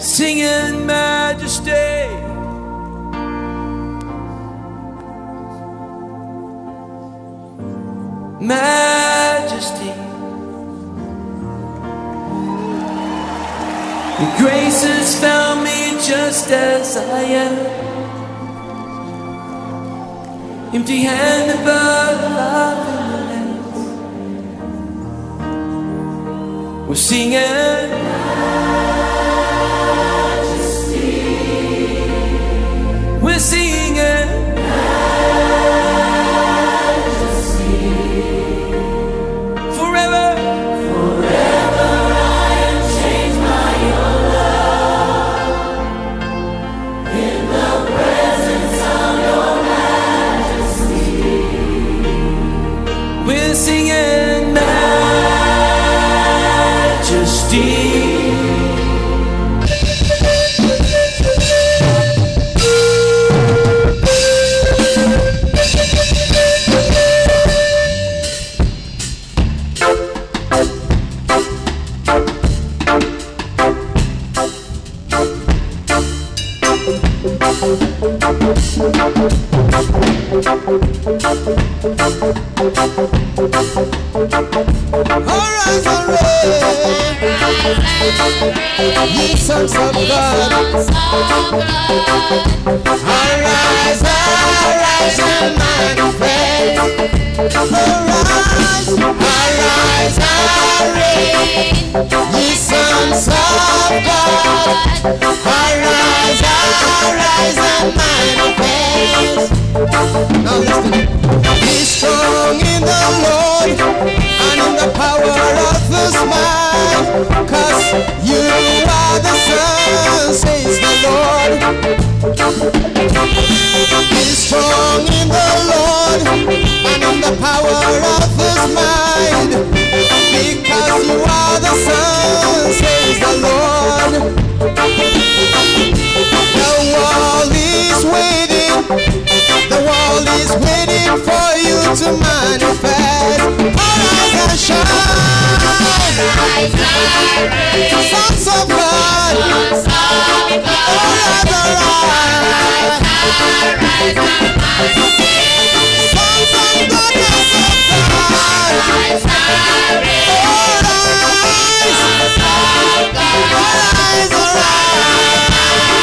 singing majesty. Majesty, your grace has found me just as I am, empty handed but love in the hands. We're singing. see Thank you. Arise and reign, ye sons of God. Arise, arise and manifest. Arise, arise and reign, ye sons of God. Arise, arise and manifest. Now listen, be strong in the Lord alone and in the power of the smile. Cause you are the sun, says the Lord. Be strong in the Lord and in the power of his mind. Because you are the sun, says the Lord. Now all is waiting. The world is waiting for you to manifest. Arise and shine. Arise and Sons of God. Sons of God. Arise, arise. Arise, arise. of God. Sons of God. Arise, arise. Arise, arise.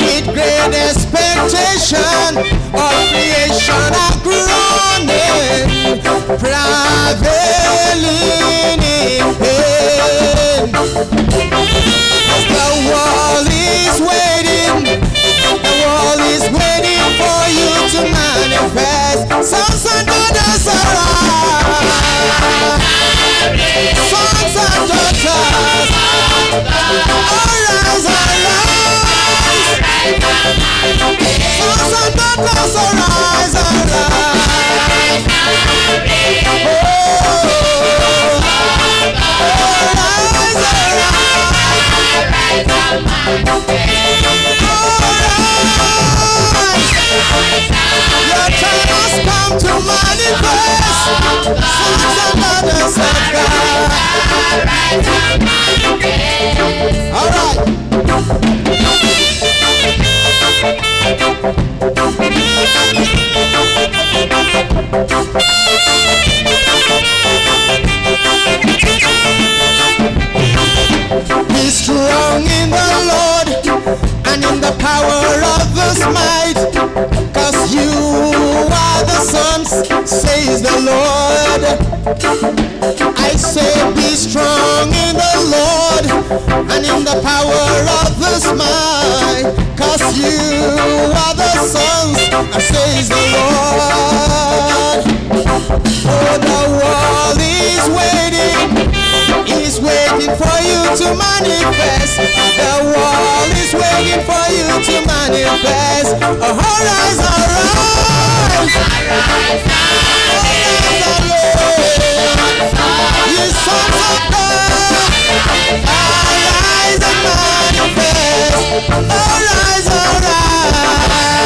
With great expectation of creation I grew All right. Be strong in the Lord and in the power of His might. Cause you are the sons, says the Lord. I say be strong in the Lord and in the power of His might. Cause you are the sons, says the Lord. Oh, the world is waiting is waiting for you to manifest. The wall is waiting for you to manifest. A horizon rise. You sons of God, arise and manifest. Horizon rise.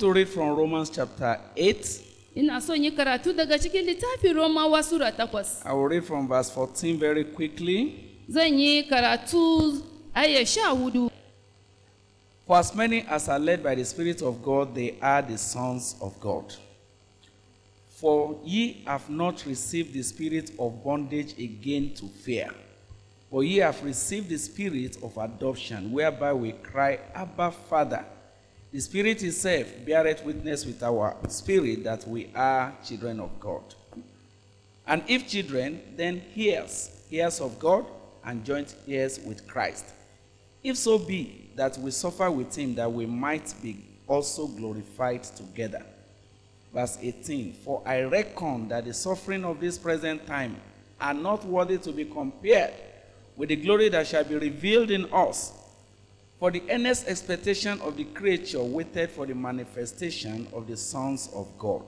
to read from Romans chapter 8. Ina so yi karatu daga cikin littafin Romawa Sura 8. I will read from verse 14 very quickly. Zan yi karatu aya sha For as many as are led by the Spirit of God, they are the sons of God. For ye have not received the spirit of bondage again to fear, but ye have received the spirit of adoption, whereby we cry, Abba, Father. The Spirit itself beareth witness with our spirit that we are children of God. And if children, then heirs, heirs of God, and joint heirs with Christ. If so be that we suffer with him, that we might be also glorified together. Verse 18 For I reckon that the suffering of this present time are not worthy to be compared with the glory that shall be revealed in us. For the earnest expectation of the creature waited for the manifestation of the sons of God.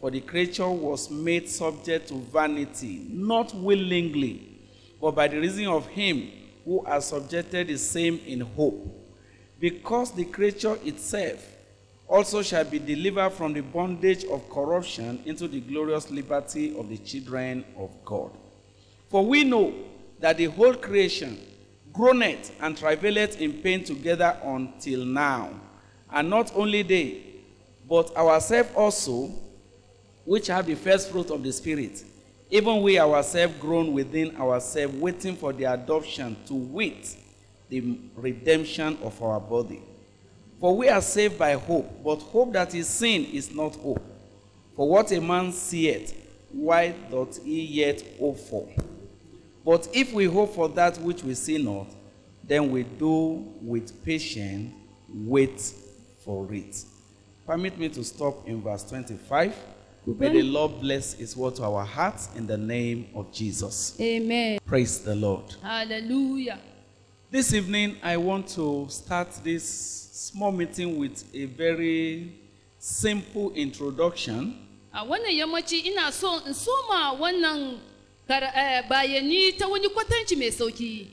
For the creature was made subject to vanity, not willingly, but by the reason of him who has subjected the same in hope. Because the creature itself also shall be delivered from the bondage of corruption into the glorious liberty of the children of God. For we know that the whole creation groaneth and travaileth in pain together until now. And not only they, but ourselves also, which have the first fruit of the Spirit, even we ourselves groan within ourselves, waiting for the adoption to wit the redemption of our body. For we are saved by hope, but hope that is seen is not hope. For what a man seeth, why doth he yet hope for? But if we hope for that which we see not, then we do with patience wait for it. Permit me to stop in verse 25. May the Lord bless his word to our hearts in the name of Jesus. Amen. Praise the Lord. Hallelujah. This evening, I want to start this small meeting with a very simple introduction. Eh, bayani ta wani kwatanci mai sauki.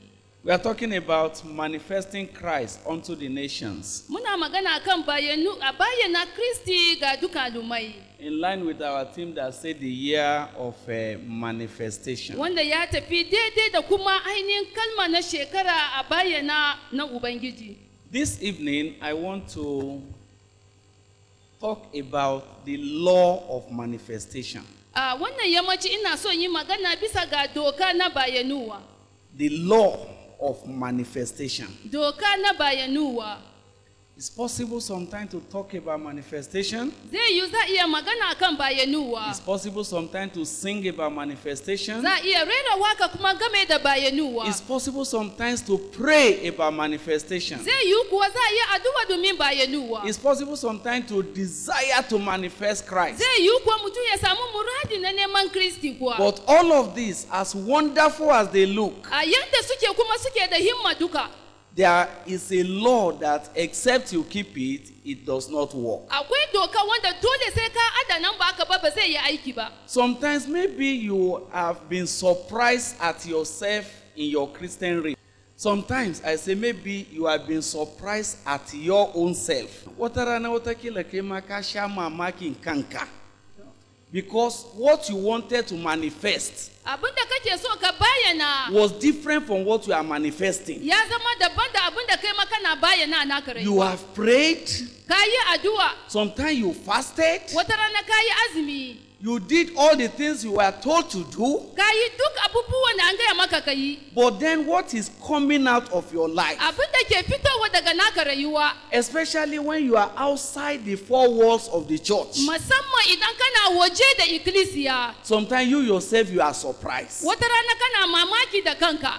We are talking about manifesting Christ unto the nations. Muna magana kan bayyana Kristi ga duka lumai. In line with our team that said the year of uh, manifestation. Wanda ya tafi daidai da kuma ainihin kalma na shekara a bayyana na Ubangiji. This evening I want to talk about the law of manifestation. A ah, wannan yammaci ina so yi magana bisa ga doka na bayanuwa. The law of manifestation. Doka na bayanuwa. It's possible sometimes to talk about manifestation. Zai yiwu za iya magana akan bayanuwa. It's possible sometimes to sing about manifestation. Za iya rera waka kuma game da bayanuwa. It's possible sometimes to pray about manifestation. Zai yiwu kuwa za iya addu'a domin bayanuwa. It's possible sometimes to desire to manifest Christ. Zai yiwu kuwa mutum ya samu muradi na neman Kristi kuwa. But all of this as wonderful as they look. A yanda suke kuma suke da himma duka there is a law that except you keep it, it does not work. Sometimes maybe you have been surprised at yourself in your Christian race. Sometimes I say maybe you have been surprised at your own self. Wata rana wata kila kai ma sha mamakin kanka. because what you wanted to manifest abinda kake so ka bayyana was different from what you are manifesting ya zama daban da abinda kai ma kana bayyana na rayuwa you have prayed ka yi addu'a sometimes you fasted wata rana ka yi azumi You did all the things you were told to do. Kayi duk abubuwan da an gaya maka kayi. But then what is coming out of your life? Abin da ke fitowa daga naka rayuwa. Especially when you are outside the four walls of the church. Musamman idan kana waje da ikkilisiya. Sometimes you yourself you are surprised. Wata rana kana mamaki da kanka.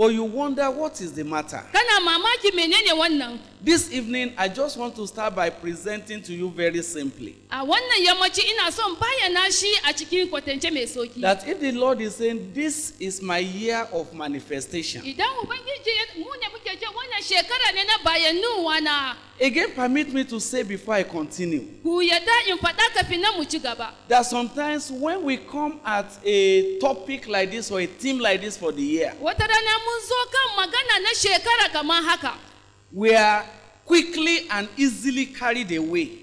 But you wonder what is the matter. This evening, I just want to start by presenting to you very simply. A wannan yammaci ina son bayyana shi a cikin kwatance mai soki. That if the Lord is saying, this is my year of manifestation. Idan Ubangiji mu ne muke ce wannan shekara ne na bayanuwa na. Again, permit me to say before I continue. Ku yadda in faɗa kafin na mu ci gaba. That sometimes when we come at a topic like this or a theme like this for the year. Wata rana mun zo kan magana na shekara kamar haka. We are quickly and easily carried away.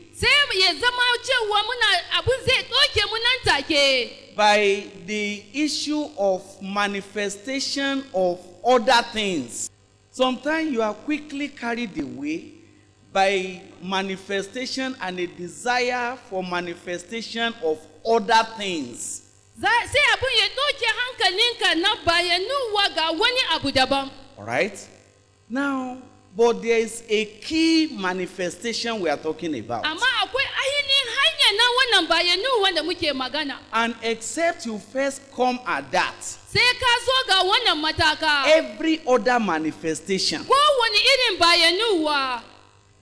By the issue of manifestation of other things. Sometimes you are quickly carried away by manifestation and a desire for manifestation of other things. sai abin ya ɗauke hankalinka na bayanuwa ga wani abu daban. All right. Now, But there is a key manifestation we are talking about. Amma akwai ainihin hanyar nan wannan bayanu wanda muke magana. And except you first come at that. Sai ka zo ga wannan mataka. Every other manifestation. Kowane irin bayanuwa.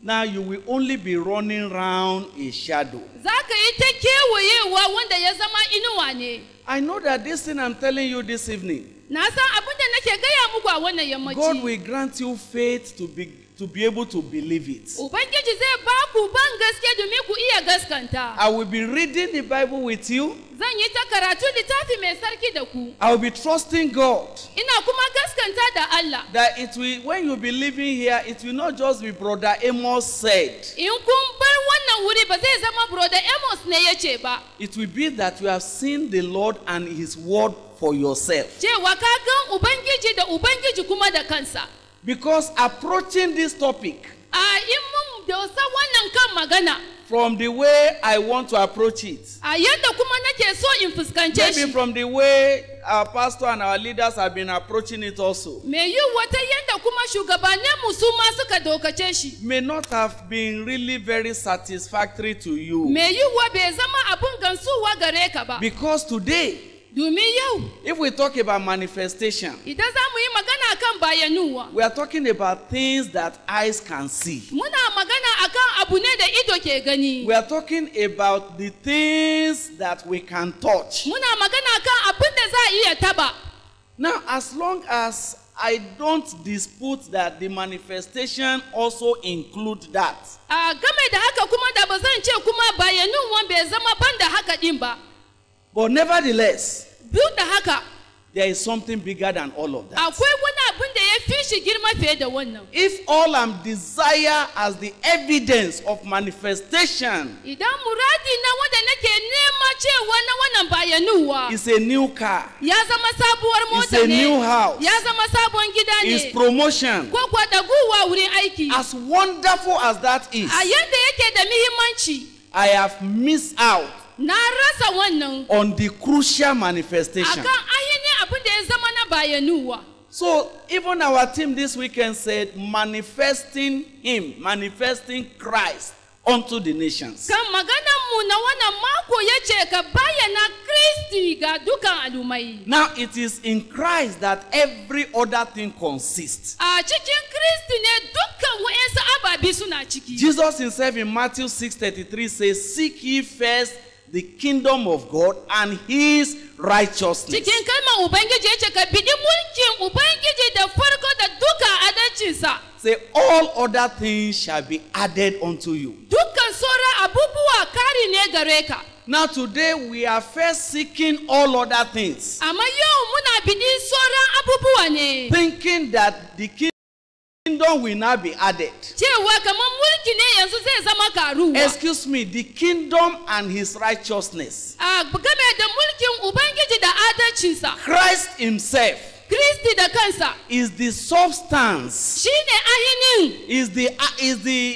Now you will only be running round a shadow. Za ka yi ta kewayewa wanda ya zama inuwa ne. I know that this thing I'm telling you this evening. Na san abin da nake gaya muku a wannan yammaci. God will grant you faith to be to be able to believe it. Ubangiji zai ba ku ban gaske domin ku iya gaskanta. I will be reading the Bible with you. Zan yi ta karatu littafi mai sarki da ku. I will be trusting God. Ina kuma gaskanta da Allah. That it will when you be living here it will not just be brother Amos said. In kun bar wannan wuri ba zai zama brother Amos ne yace ce ba. It will be that you have seen the Lord and his word for yourself. Cewa ka gan Ubangiji da Ubangiji kuma da kansa. Because approaching this topic. A in mun dosa wannan kan magana. From the way I want to approach it. A yadda kuma nake so in fuskance shi. Maybe from the way our pastor and our leaders have been approaching it also. Me yi wata yadda kuma shugabannin mu su ma suka dokace shi. May not have been really very satisfactory to you. Me yi wa bai zama abun gansuwa gare ka ba. Because today. Domin yau. If we talk about manifestation. Idan za mu yi magana akan bayanuwa. We are talking about things that eyes can see. Muna magana akan abu ne da ido ke gani. We are talking about the things that we can touch. Muna magana akan abin da za a iya taba. Now as long as I don't dispute that the manifestation also include that. A game da haka kuma da ba zan ce kuma bayanuwan bai zama ban da haka din ba. But nevertheless, build the there is something bigger than all of that. If all I'm desire as the evidence of manifestation It's a new car, it's a new house, is promotion. As wonderful as that is, I have missed out. na rasa wannan on the crucial manifestation akan ainihin abin da ya zama na bayanuwa So even our team this weekend said, manifesting Him, manifesting Christ unto the nations. Kan maganarmu na wannan mako ya ce ka bayyana Kristi ga dukan al'ummai. Now it is in Christ that every other thing consists. A ah, cikin Kristi ne dukkan wa'ansu ababi suna ciki. Jesus himself in Matthew 6:33 says, Seek ye first the kingdom of God and his righteousness. Say all other things shall be added unto you. Now today we are first seeking all other things. Thinking that the king kingdom will now be added. Cewa kamar mulki ne yanzu zai zama karuwa. Excuse me, the kingdom and his righteousness. A game da mulkin Ubangiji da adalcinsa. Christ himself. Kristi da kansa. Is the substance. Shi ne ainihin. Is the, is the,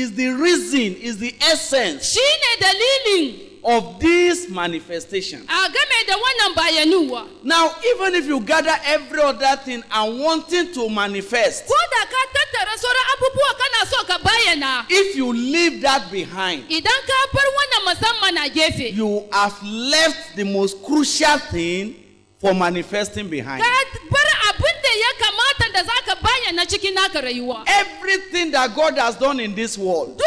is the reason, is the essence. Shi ne dalilin. of these manifestations. Now, even if you gather every other thing and wanting to manifest, if you leave that behind, you have left the most crucial thing for manifesting behind. Everything that God has done in this world.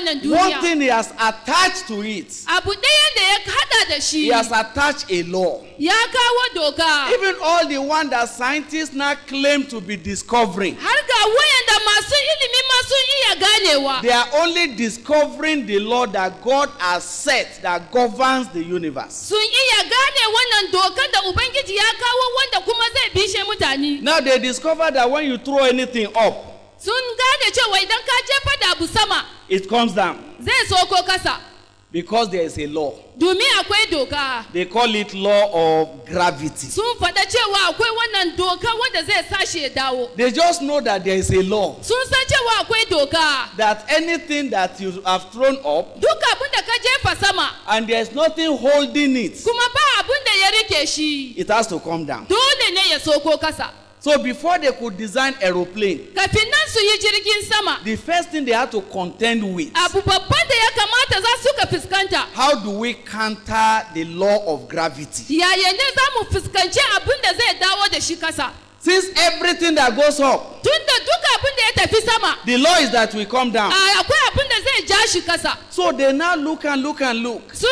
wannan duniya one thing he has attached to it abu ɗaya da ya haɗa da shi he has attached a law ya kawo doka even all the one that scientists now claim to be discovering har ga wayanda masu ilimi ma iya ganewa they are only discovering the law that God has set that governs the universe sun iya gane wannan dokan da ubangiji ya kawo wanda kuma zai bishe mutane now they discover that when you throw anything up sun gane cewa idan ka jefa da abu sama it comes down zai sauko kasa because there is a law domin akwai doka they call it law of gravity sun faɗa cewa akwai wannan doka wanda zai sa shi ya dawo they just know that there is a law sun san cewa akwai doka that anything that you have thrown up duk abin da ka jefa sama and there is nothing holding it kuma ba abin da ya rike shi it has to come down dole ne ya soko kasa So before they could design aeroplane. Kafin nan su yi jirgin sama. The first thing they had to contend with. Abu babban da ya kamata za su ka How do we counter the law of gravity? Yaya ne za mu fuskanci abin da zai dawo Since everything that goes up. Tun da duka abin da sama. The law is that we come down. Akwai abin da zai ja So they now look and look and look. Sun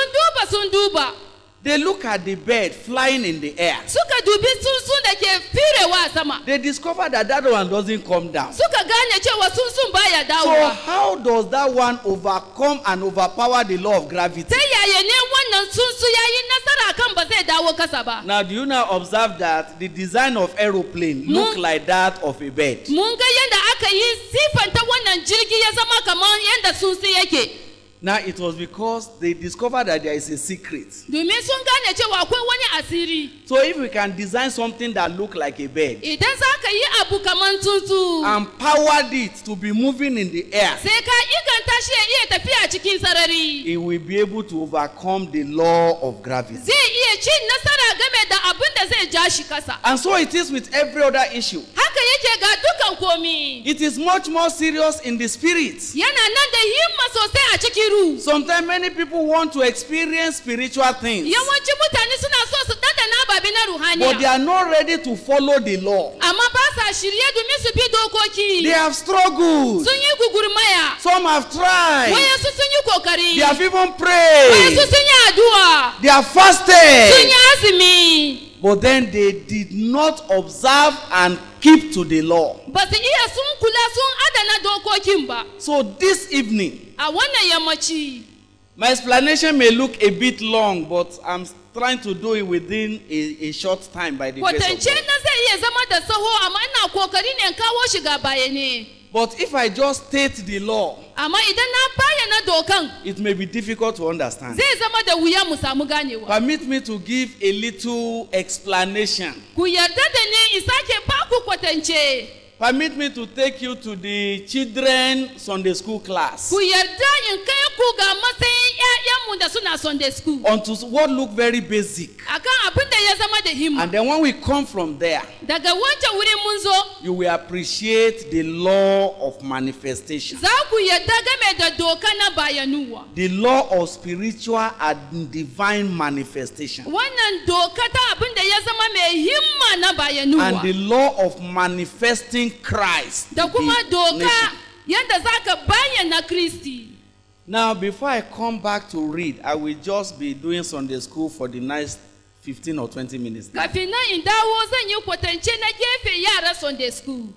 duba They look at the bird flying in the air. Suka dubi tsuntsun da ke firewa sama. They discover that that one doesn't come down. Suka gane cewa tsuntsun baya dawowa. So how does that one overcome and overpower the law of gravity? Ta yaya ne wannan tsuntsu ya yi nasara kan ba zai dawo kasa ba. Now do you now observe that the design of aeroplane Mung, look like that of a bird? Mun ga yadda aka yi sifanta wannan jirgi ya zama kamar yadda tsuntsu yake. Now it was because they discovered that there is a secret. Domin sun gane cewa akwai wani asiri. So if we can design something that look like a bed. Idan za ka yi abu kaman tutu And powered it to be moving in the air. Sai ka inganta shi ya iya tafiya cikin sarari. he will be able to overcome the law of gravity. Zai iya cin nasara game da abin da zai ja shi kasa. And so it is with every other issue. Haka yake ga dukan komi. It is much more serious in the spirit. Yana nan da himma sosai a cikin shiru. sometimes many people want to experience spiritual things. yawanci mutane suna so su ɗanɗana babi na ruhaniya. but they are not ready to follow the law. amma ba sa shirye domin su bi dokoki. they have struggled. sun yi gugurmaya. some have tried. wayansu sun yi kokari. they have even prayed. wayansu sun yi addu'a. they have fasted. sun yi But then they did not observe and keep to the law. Um, um, so this evening, my explanation may look a bit long, but I'm trying to do it within a, a short time by the grace of God. But if I just state the law, amma idan na bayyana dokan, it may be difficult to understand. Zai zama da wuya mu samu ganewa. Permit me to give a little explanation. Ku yarda da ni in sake Permit me to take you to the children Sunday school class. Ku yarda in kai ku ga matsayin 'ya'yanmu da suna Sunday school. Unto what look very basic. Akan abin And then when we come from there, you will appreciate the law of manifestation. The law of spiritual and divine manifestation. And the law of manifesting Christ. Now, before I come back to read, I will just be doing Sunday school for the next 15 or 20 minutes. Kafin nan in dawo zan yi kwatance na gefe yara Sunday school.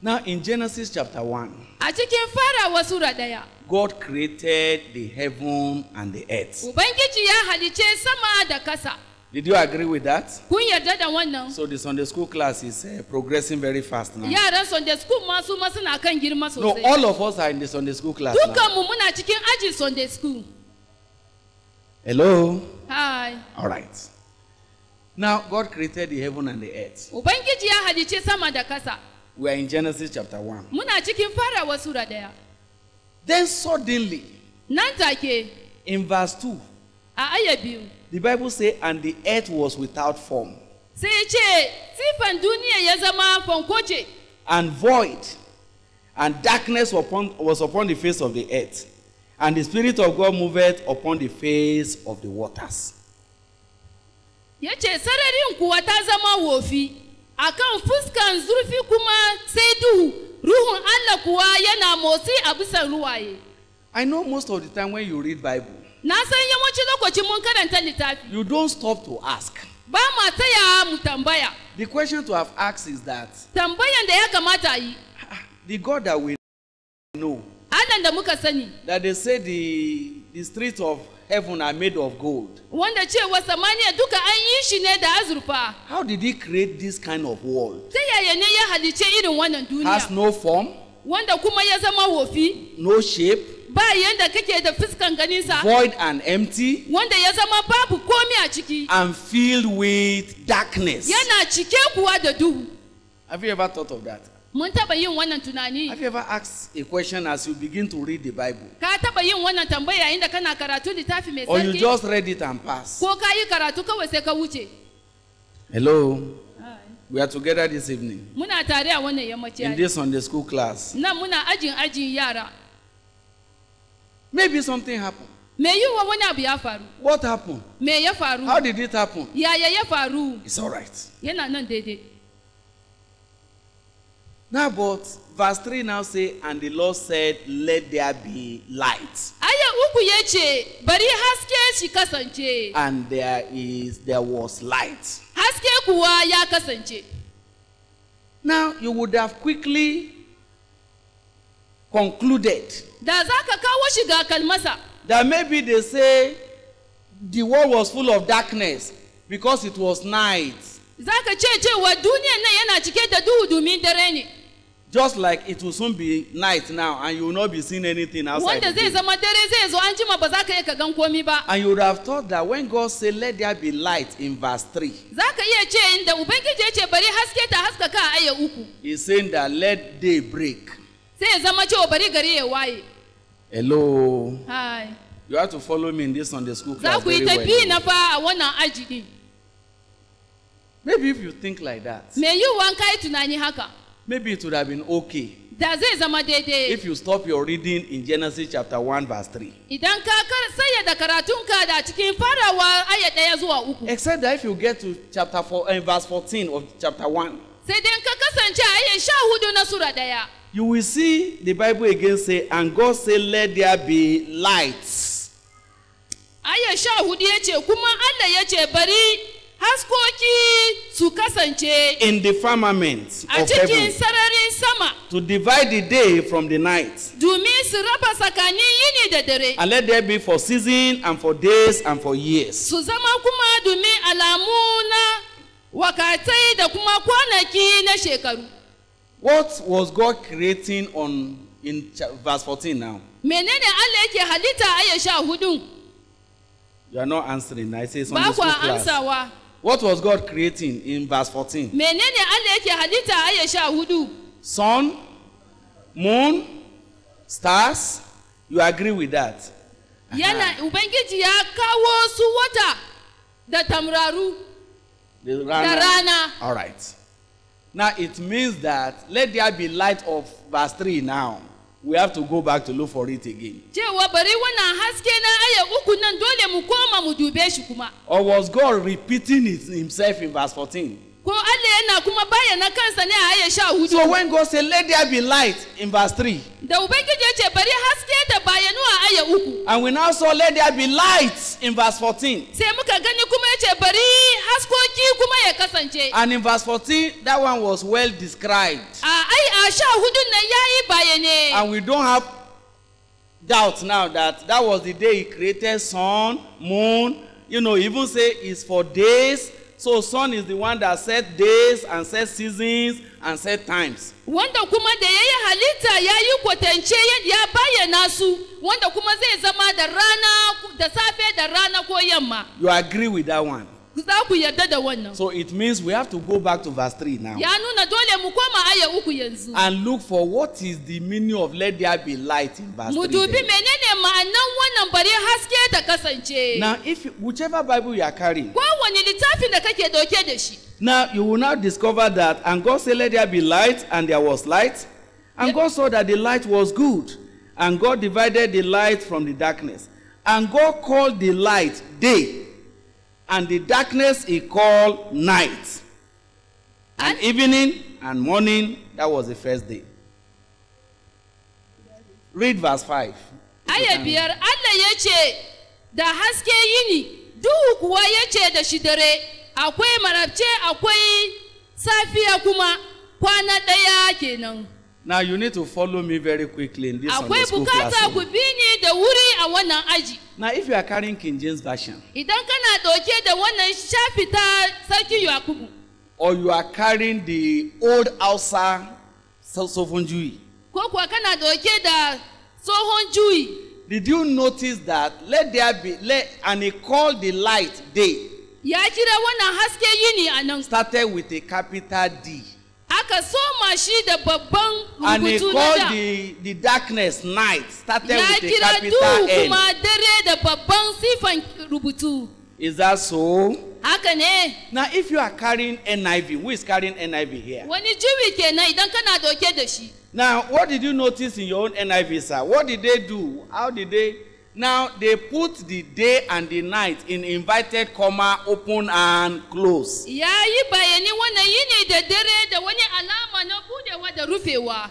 Now in Genesis chapter 1. A cikin farawa sura ɗaya. God created the heaven and the earth. Ubangiji ya halice sama da kasa. Did you agree with that? Kun yarda da wannan. So the Sunday school class is uh, progressing very fast now. Yaran Sunday school ma su ma suna kan girma sosai. No, all of us are in the Sunday school class Dukan now. Dukkanmu muna cikin ajin Sunday school. Hello. Hi. All right. Now, God created the heaven and the earth. Ubangiji ya halicci sama da kasa. We are in Genesis chapter 1. Muna cikin farawa Sura ɗaya. Then suddenly, nan take, in verse 2, a aya biyu, the Bible says, and the earth was without form. Sai ce, sifan duniya ya zama fankoce. And void, and darkness upon, was upon the face of the earth, and the Spirit of God moved upon the face of the waters. ya ce sararin kuwa ta zama wofi akan fuskan zurfi kuma sai duhu ruhun Allah kuwa yana motsi a bisan ruwaye I know most of the time when you read Bible na san lokacin mun karanta littafi you don't stop to ask ba ma taya mu tambaya the question to have asked is that tambayan da ya kamata yi the God that we know adam da muka sani that they say the the street of heaven are made of gold. Wanda cewa samaniya duka an yi shi ne da azurfa. How did he create this kind of world? Ta yaya ne ya halice irin wannan duniya? Has no form. Wanda kuma ya zama wofi. No shape. Ba yanda kake da fuskan ganinsa. Void and empty. Wanda ya zama babu komi a ciki. And filled with darkness. Yana cike kuwa da duhu. Have you ever thought of that? Mun taɓa yin wannan tunani. Have you ever asked a question as you begin to read the Bible? Ka taɓa yin wannan tambaya yayin kana karatu littafi mai sarki? Or you just read it and pass? Ko ka yi karatu kawai sai ka wuce? Hello. Hi. We are together this evening. Muna tare a wannan yammaci. In this Sunday school class. Nan muna ajin ajin yara. Maybe something happened. Me yiwuwa wani abu ya faru. What happened? Me ya faru. How did it happen? Yaya ya faru. It's all right. Yana nan daidai. Now, but verse 3 now say, And the Lord said, Let there be light. And there is there was light. Now you would have quickly concluded that maybe they say the world was full of darkness because it was night. nan yana cike da duhu domin dare just like it will soon be night now and you will not be seeing anything outside wanda zai zama dare zai zo an jima ba za ka iya ka gan komi and you would have thought that when God say let there be light in verse three za ka iya ce inda ubangiji ya ce bari haske ta haskaka a aya uku he saying that let day break sai ya zama cewa bari gari ya waye hello hi you have to follow me in this sunday school class very well za ku yi ta bi na fa maybe if you think like that me yiwuwa ka yi tunani haka maybe it would have been okay. Da zama daidai. If you stop your reading in Genesis chapter 1 verse 3. Idan ka saya da karatunka da cikin farawa aya ɗaya zuwa uku. Except that if you get to chapter 4 and eh, verse 14 of chapter 1. Sai dan ka kasance a ayan sha hudu na sura ɗaya. You will see the Bible again say and God say let there be lights. Aya sha hudu ya ce kuma Allah ya ce bari haskoki su kasance in the firmament a cikin sararin sama to divide the day from the night domin su raba tsakanin yini da dare and let there be for season and for days and for years su zama kuma domin alamu na wakatai da kuma kwanaki na shekaru what was god creating on in verse 14 now menene Allah yake halitta aya sha hudu you are not answering i say sunday class ba kwa What was God creating in verse fourteen? Menene Allah halitta aya sha Sun, moon, stars, you agree with that? Yana Ubangiji ya kawo su wata da tamraru da rana. All right. Now it means that let there be light of verse three. now we have to go back to look for it again. cewa bari wannan haske na aya uku nan dole mu koma mu dube shi kuma. or was God repeating it himself in verse fourteen? ko Allah yana kuma bayyana kansa ne a aya sha hudu so when God say let there be light in verse three da ubangiji ya bari haske ta bayanu a aya uku and we now saw let there be light in verse fourteen sai muka gani kuma ya ce bari haskoki kuma ya kasance and in verse fourteen that one was well described a ai a sha hudun nan ya yi bayane and we don't have doubt now that that was the day he created sun moon you know even say it's for days So sun is the one that set days and set seasons and set times. Wanda kuma da yayi halitta yayi yi kwatance ya bayyana su wanda kuma zai zama da rana da safe da rana ko yamma. You agree with that one? So it means we have to go back to verse three now. And look for what is the meaning of let there be light in verse 3. Then. Now, if whichever Bible you are carrying, now you will now discover that, and God said, Let there be light, and there was light. And yep. God saw that the light was good, and God divided the light from the darkness. And God called the light day. and the darkness he called night. And, evening and morning, that was the first day. Read verse 5. Aya biyar, Allah ya ce, da haske yini, duhu kuwa ya ce da shi dare, akwai marabce akwai safiya kuma kwana ɗaya kenan. Now you need to follow me very quickly in this Sunday school classroom. Akwai bukata ku bi ni da wuri a wannan aji. Now if you are carrying King James version. Idan kana dauke da wannan shafi ta Sarki Yakubu. Or you are carrying the old Hausa Sofon Jui. Ko kuwa kana dauke da Sohon Jui. Did you notice that let there be let and he called the light day. Ya kira wannan haske yini a nan. Started with a capital D. aka soma shi da babban and he called the, the darkness night started with a capital N. kuma dare da babban sifan rubutu. Is that so? Haka ne. Now if you are carrying NIV, who is carrying NIV here? Wani juwi kenan idan kana doke da shi. Now what did you notice in your own NIV sir? What did they do? How did they Now they put the day and the night in invited comma open and close. Ya yi bayani wannan yini da dare da wani alama na budewa da rufewa.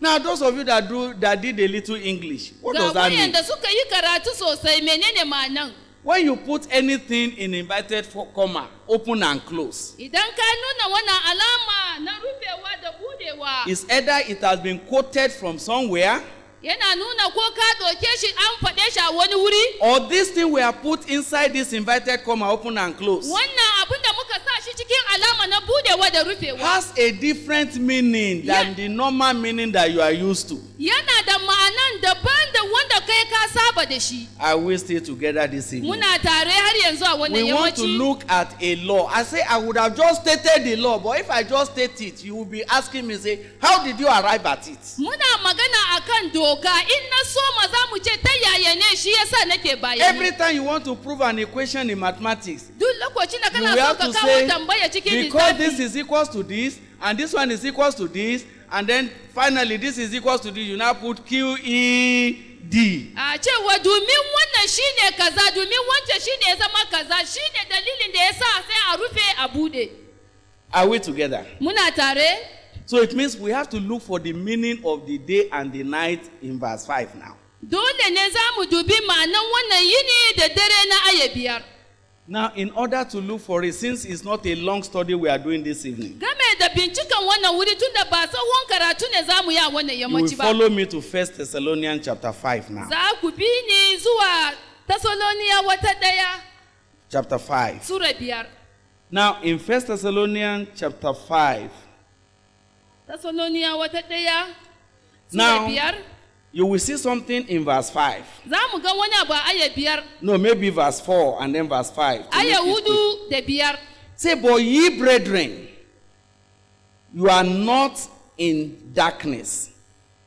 Now those of you that do that did a little English, what does that mean? Ga wayanda suka yi karatu sosai menene ma'anan? When you put anything in invited comma, open and close. Idan ka nuna wannan alama na rufewa da budewa. It's either it has been quoted from somewhere. yana nuna ko ka ɗauke shi an faɗe shi a wani wuri. or this thing we have put inside this invited comma open and close. wannan abin da muka sa shi cikin alama na budewa da rufewa. has a different meaning than yeah. the normal meaning that you are used to. yana da ma'anan daban da wanda kai ka saba da shi. I will stay together this evening. Muna tare har yanzu a wannan yawanci. We want to look at a law. I say I would have just stated the law but if I just state it you will be asking me say how did you arrive at it? Muna magana akan doka in na so ma za mu ce ta yaya ne shi yasa nake bayani. Every time you want to prove an equation in mathematics. Duk lokacin da kana so ka kawo tambaya cikin lissafi. Because this is equal to this and this one is equal to this and then finally this is equals to this you now put e d. a cewa domin wannan shine kaza domin wancan shine ya zama kaza shine dalilin da sa sai a rufe a bude are we together muna tare so it means we have to look for the meaning of the day and the night in verse five now dole ne za mu dubi ma'anan wannan yini da dare na aya biyar Now, in order to look for it, since it's not a long study we are doing this evening, you will follow me to 1 Thessalonians chapter 5 now. Chapter 5. Now, in 1 Thessalonians chapter 5, now, you will see something in verse five. Za mu wani abu a biyar. No, maybe verse four and then verse five. Aya hudu da biyar. Say, but ye brethren, you are not in darkness,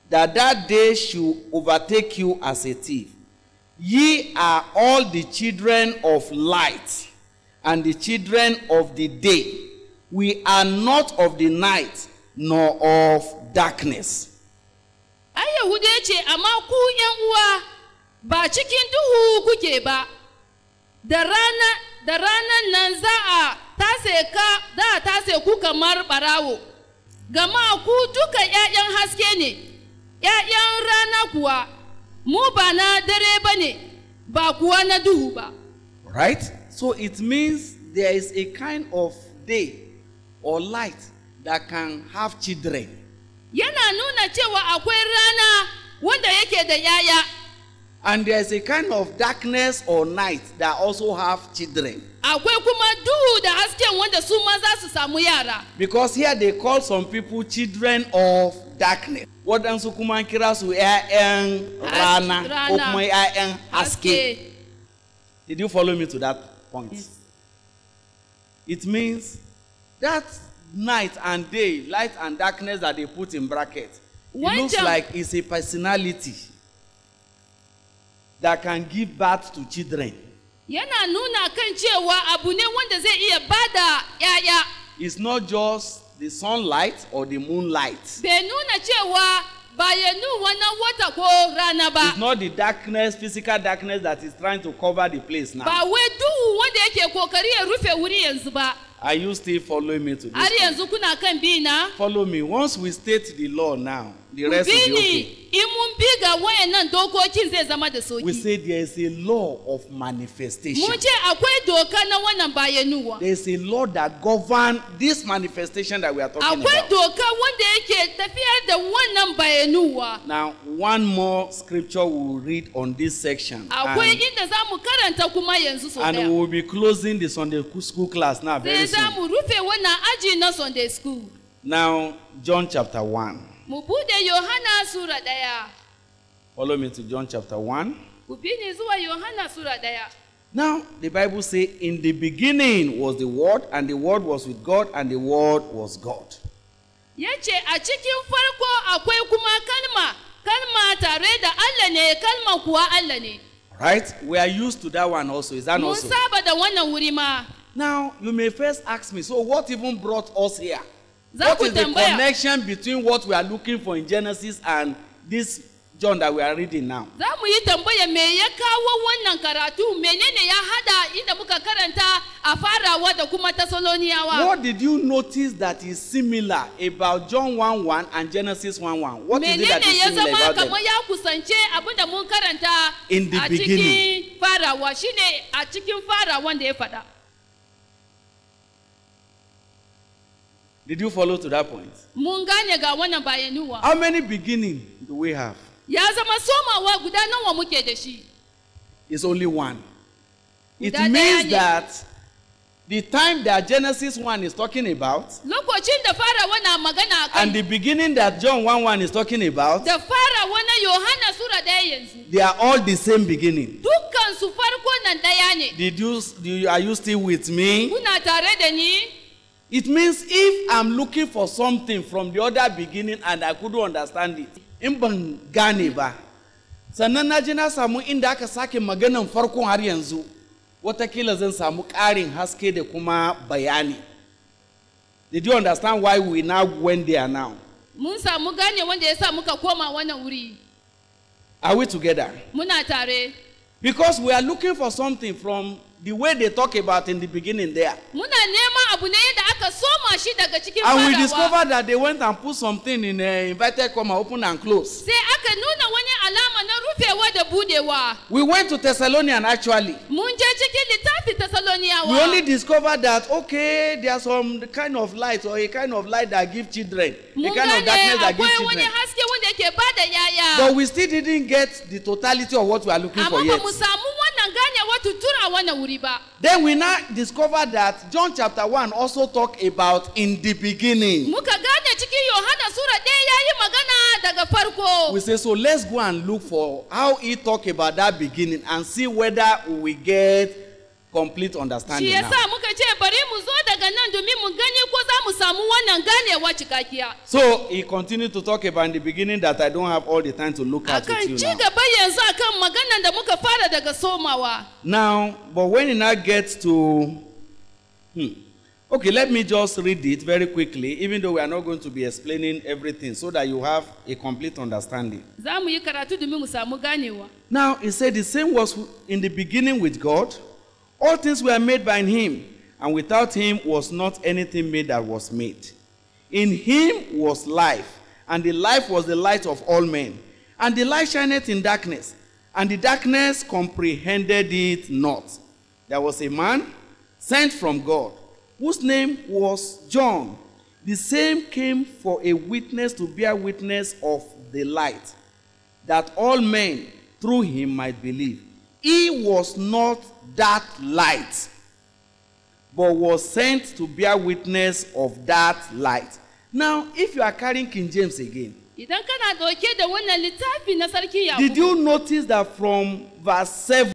that that day should overtake you as a thief. Ye are all the children of light and the children of the day. We are not of the night nor of darkness. ai ya ce amma ku yan uwa ba cikin duhu kuke ba da ranar nan za a tase ka ku kamar barawo gama ku duka ƴaƴan haske ne ƴaƴan rana kuwa mu ba na dare ba ne ba kuwa na duhu ba right so it means there is a kind of day or light that can have children yana nuna cewa akwai rana wanda yake da yaya and there is a kind of darkness or night that also have children akwai kuma duhu da hasken wanda su ma za su samu yara because here they call some people children of darkness waɗansu kuma kira su 'ya'yan rana ko kuma 'ya'yan haske did you follow me to that point yes. it means that night and day light and darkness that they put in bracket when it looks John... like it's a personality that can give birth to children. yana nuna kan cewa abu ne wanda zai iya bada yaya. it's not just the sunlight or the moonlight. bai nuna cewa ba ya nu wannan wata ko rana ba. it's not the darkness physical darkness that is trying to cover the place now. ba wai duhu wanda yake kokari ya rufe wuri yanzu ba. Are you still following me today? this? Har yanzu kan bi na? Follow me. Once we state the law now. rest will be okay. We say there is a law of manifestation. There is a law that governs this manifestation that we are talking about. Now, one more scripture we will read on this section. And, and we will be closing the Sunday school class now very soon. Now, John chapter 1. Mu bude Yohana Sura ɗaya. Follow me to John chapter 1. Ku bi ni zuwa Yohana Sura ɗaya. Now, the Bible say In the beginning was the Word, and the Word was with God, and the Word was God. Ya ce, A cikin farko akwai kuma kalma, kalma tare da Allah ne, kalma kuwa Allah ne. Right? We are used to that one also. Is that also? Mun saba da wannan wuri ma. Now, you may first ask me, so what even brought us here? za tambaya what is the connection between what we are looking for in Genesis and this John that we are reading now. Za mu yi tambaya me ya kawo wannan karatu menene ya hada inda muka karanta a farawa da kuma Tasaloniyawa. What did you notice that is similar about John 1:1 and Genesis 1:1? What is it that is similar about them? Menene ya zama kama ya kusance abinda mun karanta a cikin farawa shine a cikin farawa da ya fada. Did you follow to that point? Mun ga wannan bayanuwa. How many beginning do we have? zama somawa guda nawa muke da shi. It's only one. It means that the time that Genesis 1 is talking about lokacin da farawa na magana akai and the beginning that John 1 1 is talking about da farawa na sura daya yanzu they are all the same beginning dukkan farko daya ne did you, you are you still with me kuna tare da ni It means if I'm looking for something from the other beginning and I couldn't understand it, in ban gane ba, sannan na ji na samu inda aka sake maganan farkon har yanzu, watakila zan samu ƙarin haske da kuma bayani. Did you understand why we now went there now? Mun samu gane wanda ya sa muka koma wannan wuri. Are we together? Muna tare. Because we are looking for something from the way they talk about in the beginning there. Muna neman abu ne yadda aka soma shi daga cikin fadawa. And we discovered that they went and put something in a invited comma open and close. Sai aka nuna wani alama na rufewa da budewa. We went to Thessalonian actually. Mun je cikin littafin Thessaloniyawa. We only discovered that okay there are some kind of light or a kind of light that give children. Mun gane akwai wani haske wanda ke bada yaya. But we still didn't get the totality of what we are looking for yet. Amma ba mu samu wannan ganewar tutur wannan wuri. Then we now discover that John chapter one also talk about in the beginning. We say, so let's go and look for how he talk about that beginning and see whether we get complete understanding. Shi yasa muka ce bari mu zo daga nan domin mu gani ko za mu samu wannan ganewa cikakkiya. So he continued to talk about in the beginning that I don't have all the time to look at with you now. Akan ci yanzu akan maganan da muka fara daga somawa. Now, but when he now gets to hmm, Okay, let me just read it very quickly, even though we are not going to be explaining everything, so that you have a complete understanding. Now, he said the same was in the beginning with God. All things were made by him, and without him was not anything made that was made. In him was life, and the life was the light of all men. And the light shineth in darkness, and the darkness comprehended it not. There was a man sent from God, whose name was John. The same came for a witness to bear witness of the light, that all men through him might believe. He was not that light, but was sent to bear witness of that light. Now, if you are carrying King James again, Idan kana dauke da wannan littafi na sarki Yakubu. Did you notice that from verse seven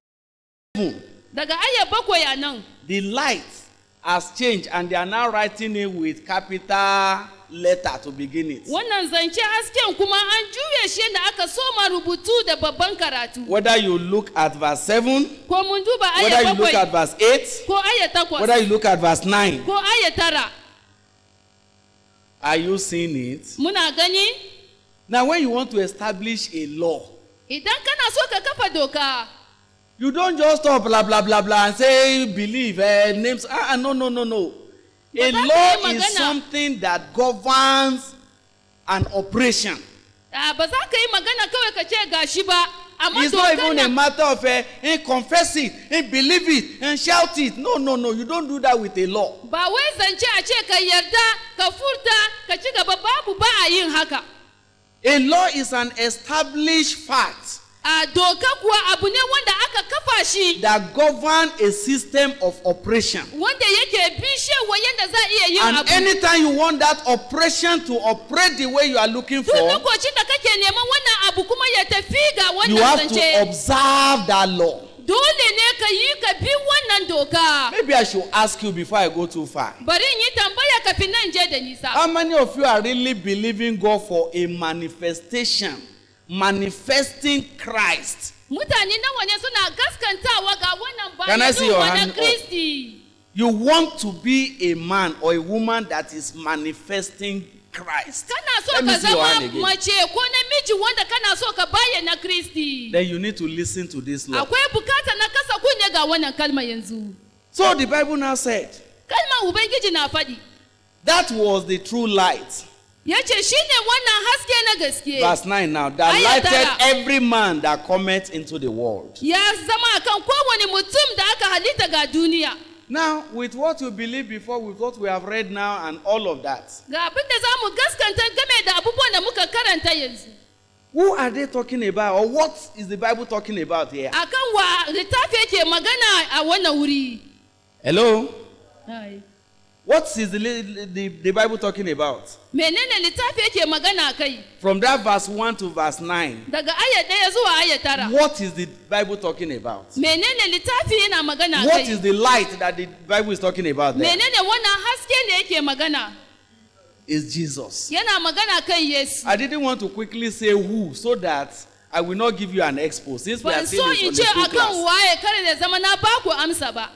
Daga aya bakwai a nan. The light has changed and they are now writing it with capital letter to begin it. Wannan zance hasken kuma an juye shi yadda aka soma rubutu da babban karatu. Whether you look at verse seven. Ko mun duba aya bakwai. Whether you look at verse eight. Ko aya takwas. Whether you look at verse nine. Ko aya tara. Are you seeing it? Muna gani? Now when you want to establish a law. Idan kana so ka kafa doka. You don't just stop bla bla bla bla and say believe uh, names ah uh, no no no no. A law is uh, something that governs an operation. Ah, uh, ba za ka yi magana kawai ka ce ga shi ba. It's not even a matter of uh, eh, and eh, confess it, and eh, believe it, and shout it. No, no, no. You don't do that with a law. Ba wai zance a ce ka yarda, ka furta, ka ci gaba babu ba a yin haka. A law is an established fact. A doka kuwa abu ne wanda aka kafa shi. That govern a system of oppression. Wanda yake bishewa yadda za iya yin abu. And anytime you want that oppression to operate the way you are looking for. Duk lokacin da kake neman wannan abu kuma ya tafi ga wannan zance. You have to observe that law. dole ne ka yi ka bi wannan doka. Maybe I should ask you before I go too far. Bari in yi tambaya kafin nan je da nisa. How many of you are really believing God for a manifestation? manifesting Christ. Mutane nawa ne suna gaskantawa ga wannan bayanin na Kristi. You want to be a man or a woman that is manifesting Christ. Kana so ka zama mace ko namiji wanda kana so ka bayyana Kristi. Then you need to listen to this law. Akwai bukata na kasa kunne ga wannan kalma yanzu. So the Bible now said. Kalma Ubangiji na faɗi. That was the true light. Yace shi ne wannan haske na gaske verse 9 now that lighted every man that cometh into the world ya zama kan kowane mutum da aka halitta ga duniya Now, with what you believe before, with what we have read now, and all of that. Who are they talking about, or what is the Bible talking about here? Hello? Hi. What is the, the, the Bible talking about? From that verse one to verse 9. What is the Bible talking about? What is the light that the Bible is talking about there? Is Jesus. I didn't want to quickly say who so that I will not give you an expose. Since we are still in the school class.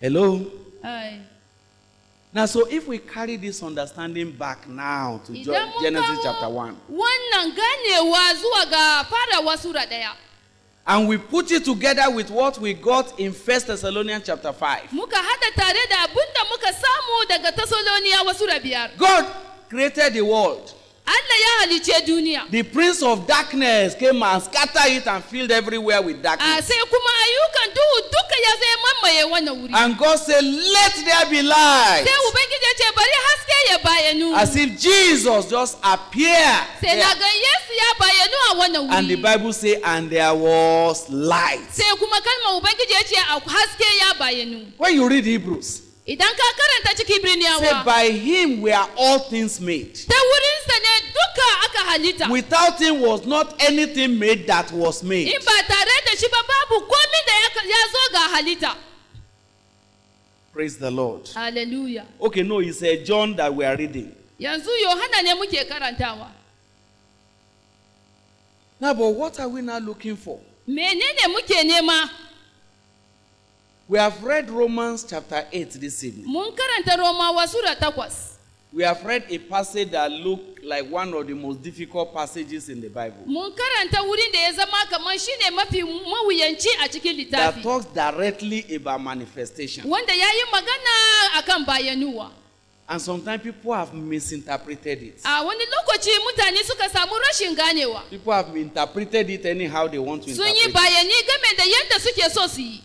Hello? Hi. Now, so if we carry this understanding back now to Genesis chapter 1, and we put it together with what we got in 1 Thessalonians chapter 5, God created the world. The prince of darkness came and scattered it and filled everywhere with darkness. Ah, and God said, Let there be light. As if Jesus just appeared. And the Bible says, And there was light. When you read Hebrews, Idan ka karanta cikin birniyawa. Say by him were all things made. Ta wurinsa ne duka aka halitta. Without him was not anything made that was made. In ba tare da shi ba babu komai da ya zo ga halitta. Praise the Lord. Hallelujah. Okay, no, it's a John that we are reading. Yanzu Yohana ne muke karantawa. Now, but what are we now looking for? Menene muke nema? We have read Romans chapter 8 this evening. Mun karanta Romawa Sura takwas. We have read a passage that looked like one of the most difficult passages in the Bible. Mun karanta wurin da ya zama kamar shine mafi mawuyanci a cikin littafi. That talks directly about manifestation. Wanda ya yi magana akan bayanuwa. And sometimes people have misinterpreted it. A wani lokaci mutane suka samu rashin ganewa. People have interpreted it anyhow they want to interpret it. Sun yi bayani game da yadda suke so su yi.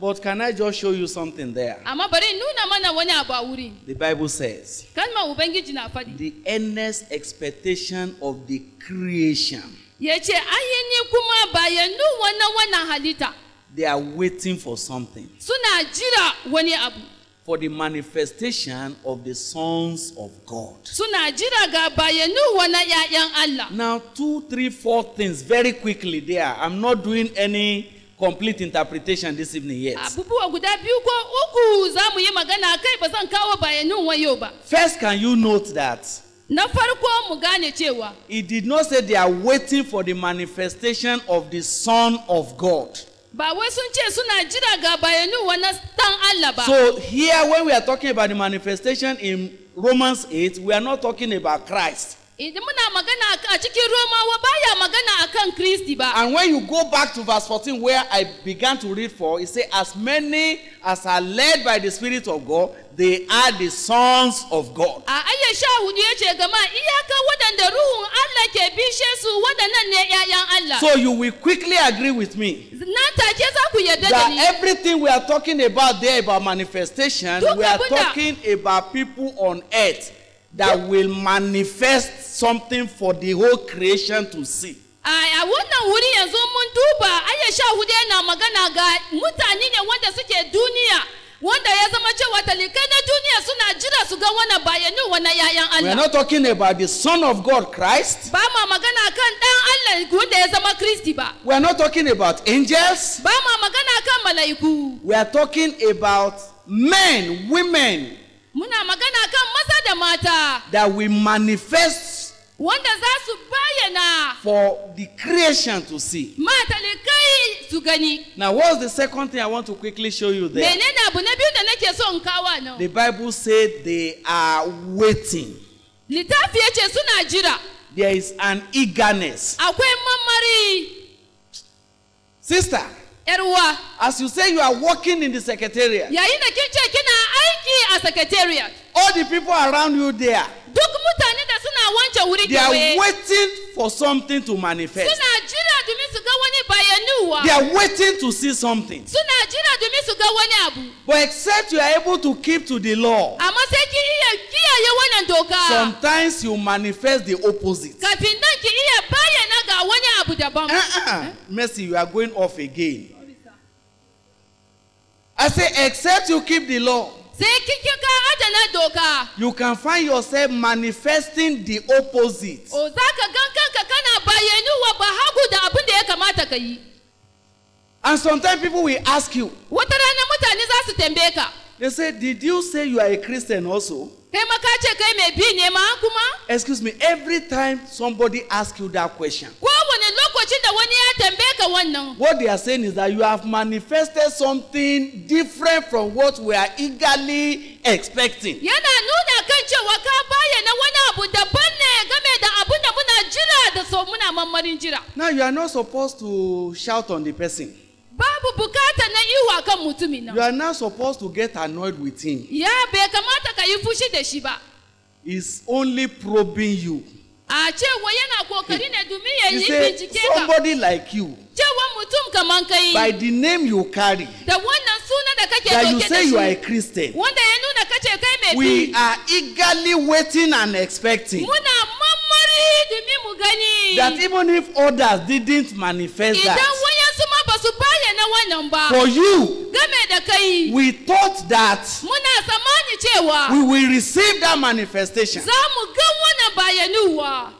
But can I just show you something there? bari in nuna mana wani The Bible says. na faɗi. The earnest expectation of the creation. kuma halitta. They are waiting for something. Suna For the manifestation of the sons of God. Suna jira ga ‘ya'yan Allah. Now two, three, four things very quickly there. I'm not doing any complete interpretation this evening yet. Abubuwa guda biyu ko uku za mu yi magana kai ba zan kawo bayanin wayo ba. First, can you note that? Na farko mu gane cewa. He did not say they are waiting for the manifestation of the Son of God. Ba wai sun ce suna jira ga bayanin wannan dan Allah ba. So here when we are talking about the manifestation in Romans 8, we are not talking about Christ. Idan muna magana a cikin Romawa baya magana akan Kristi ba. And when you go back to verse fourteen, where I began to read for, it say as many as are led by the spirit of God, they are the sons of God. A ayya sha hudu ya ce gama iyaka waɗanda ruhun Allah ke bishe su waɗannan ne ‘ya'yan Allah. So you will quickly agree with me. Na take za ku yarda da ni. That everything we are talking about there about manifestation, we are talking about people on earth. that will manifest something for the whole creation to see. A wannan wuri yanzu mun duba Aya sha hudu yana magana ga mutane ne wanda suke duniya wanda ya zama cewa talikai na duniya suna jira su ga wannan bayanin wannan yayan Allah. We are not talking about the son of God Christ. Ba ma magana kan dan Allah wanda ya zama Kristi ba. We are not talking about angels. Ba ma magana kan mala'iku. We are talking about men, women, Muna magana kan maza da mata. That we manifest. Wanda za su bayyana. For the creation to see. Matalikai su gani. Now what's the second thing I want to quickly show you there? Menene abu na biyu da nake so in nan? The bible said they are waiting. Littafi ya ce suna jira. There is an eagerness. Akwai mamari. Sister. Eruwa. As you say, you are working in the secretariat. Yayin da kin ce kina aiki a secretariat. All the people around you there. Duk mutane da suna wancan wuri kewaye. They are waiting for something to manifest. Suna jira domin su They are waiting to see something. But except you are able to keep to the law, sometimes you manifest the opposite. Uh-uh. Mercy, you are going off again. I say, except you keep the law. You can find yourself manifesting the opposite. kamata ka yi and sometimes people will ask you wata rana mutane za su tambaye ka they say did you say you are a christian also kai ma ka ce kai mai bi ne ma kuma excuse me every time somebody ask you that question lokacin da wani ya tambaye ka wannan. What they are saying is that you have manifested something different from what we are eagerly expecting. Yana nuna kan cewa ka bayyana wani abu daban ne game da abin da muna jira da so muna mamarin jira. Now you are not supposed to shout on the person. Babu bukata na ihu akan mutumin nan. You are not supposed to get annoyed with him. Ya bai kamata ka yi fushi da shi ba. He's only probing you ace na kokari na domin ya yi bincike ka somebody like you cewa mutum kaman kai by the name you carry da wannan suna da kake dauke da shi that you say you are a christian wanda ya nuna kace kai mai we are eagerly waiting and expecting muna read mi mu that even if others didn't manifest that. idan wayansu ma ba su bayyana wannan ba. for you. game da kai. we thought that. muna tsammani cewa. we will receive that manifestation. za mu ga wannan bayanuwa.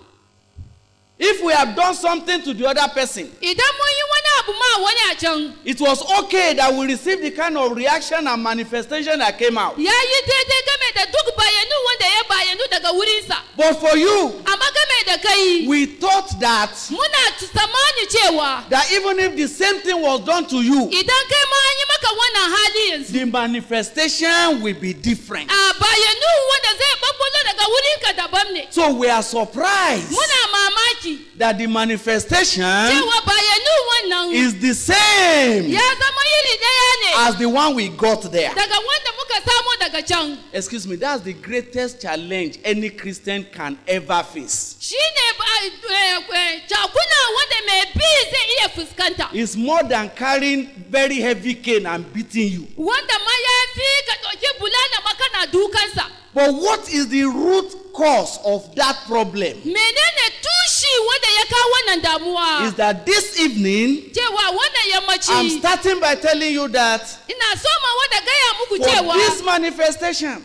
if we have done something to the other person. ìdánmọ́ yín wọ́n náà bùnmọ́ àwọn ní àjọ. it was okay that we received the kind of reaction and manifestation that came out. yà á yí déédé gẹ́mẹ̀ dẹ̀ dúkú bàyẹ̀nú wọn dẹ̀ yẹ bàyẹ̀nú dẹ̀gẹ̀ wúrí sà. but for you. àmọ́ gẹ́mẹ̀ dẹ̀kẹ́ yìí. we thought that. múnà tùsàmọ́ ni tí ì wà. that even if the same thing was done to you. ìdánkẹ́ mọ́ ayé mọ́kà wọn náà há ní yẹn. the manifestation will be different. àbàyẹ̀nú wọn dẹ̀ sẹ́ ẹ̀ bọ́ gbọ́dọ̀ dẹ̀gẹ� that the manifestation is the same as the one we got there. Excuse me, that's the greatest challenge any Christian can ever face. Eh, eh, eh, It's more than carrying very heavy cane and beating you. But what is the root cause of that problem? Is that this evening, I'm starting by telling you that for this manifestation,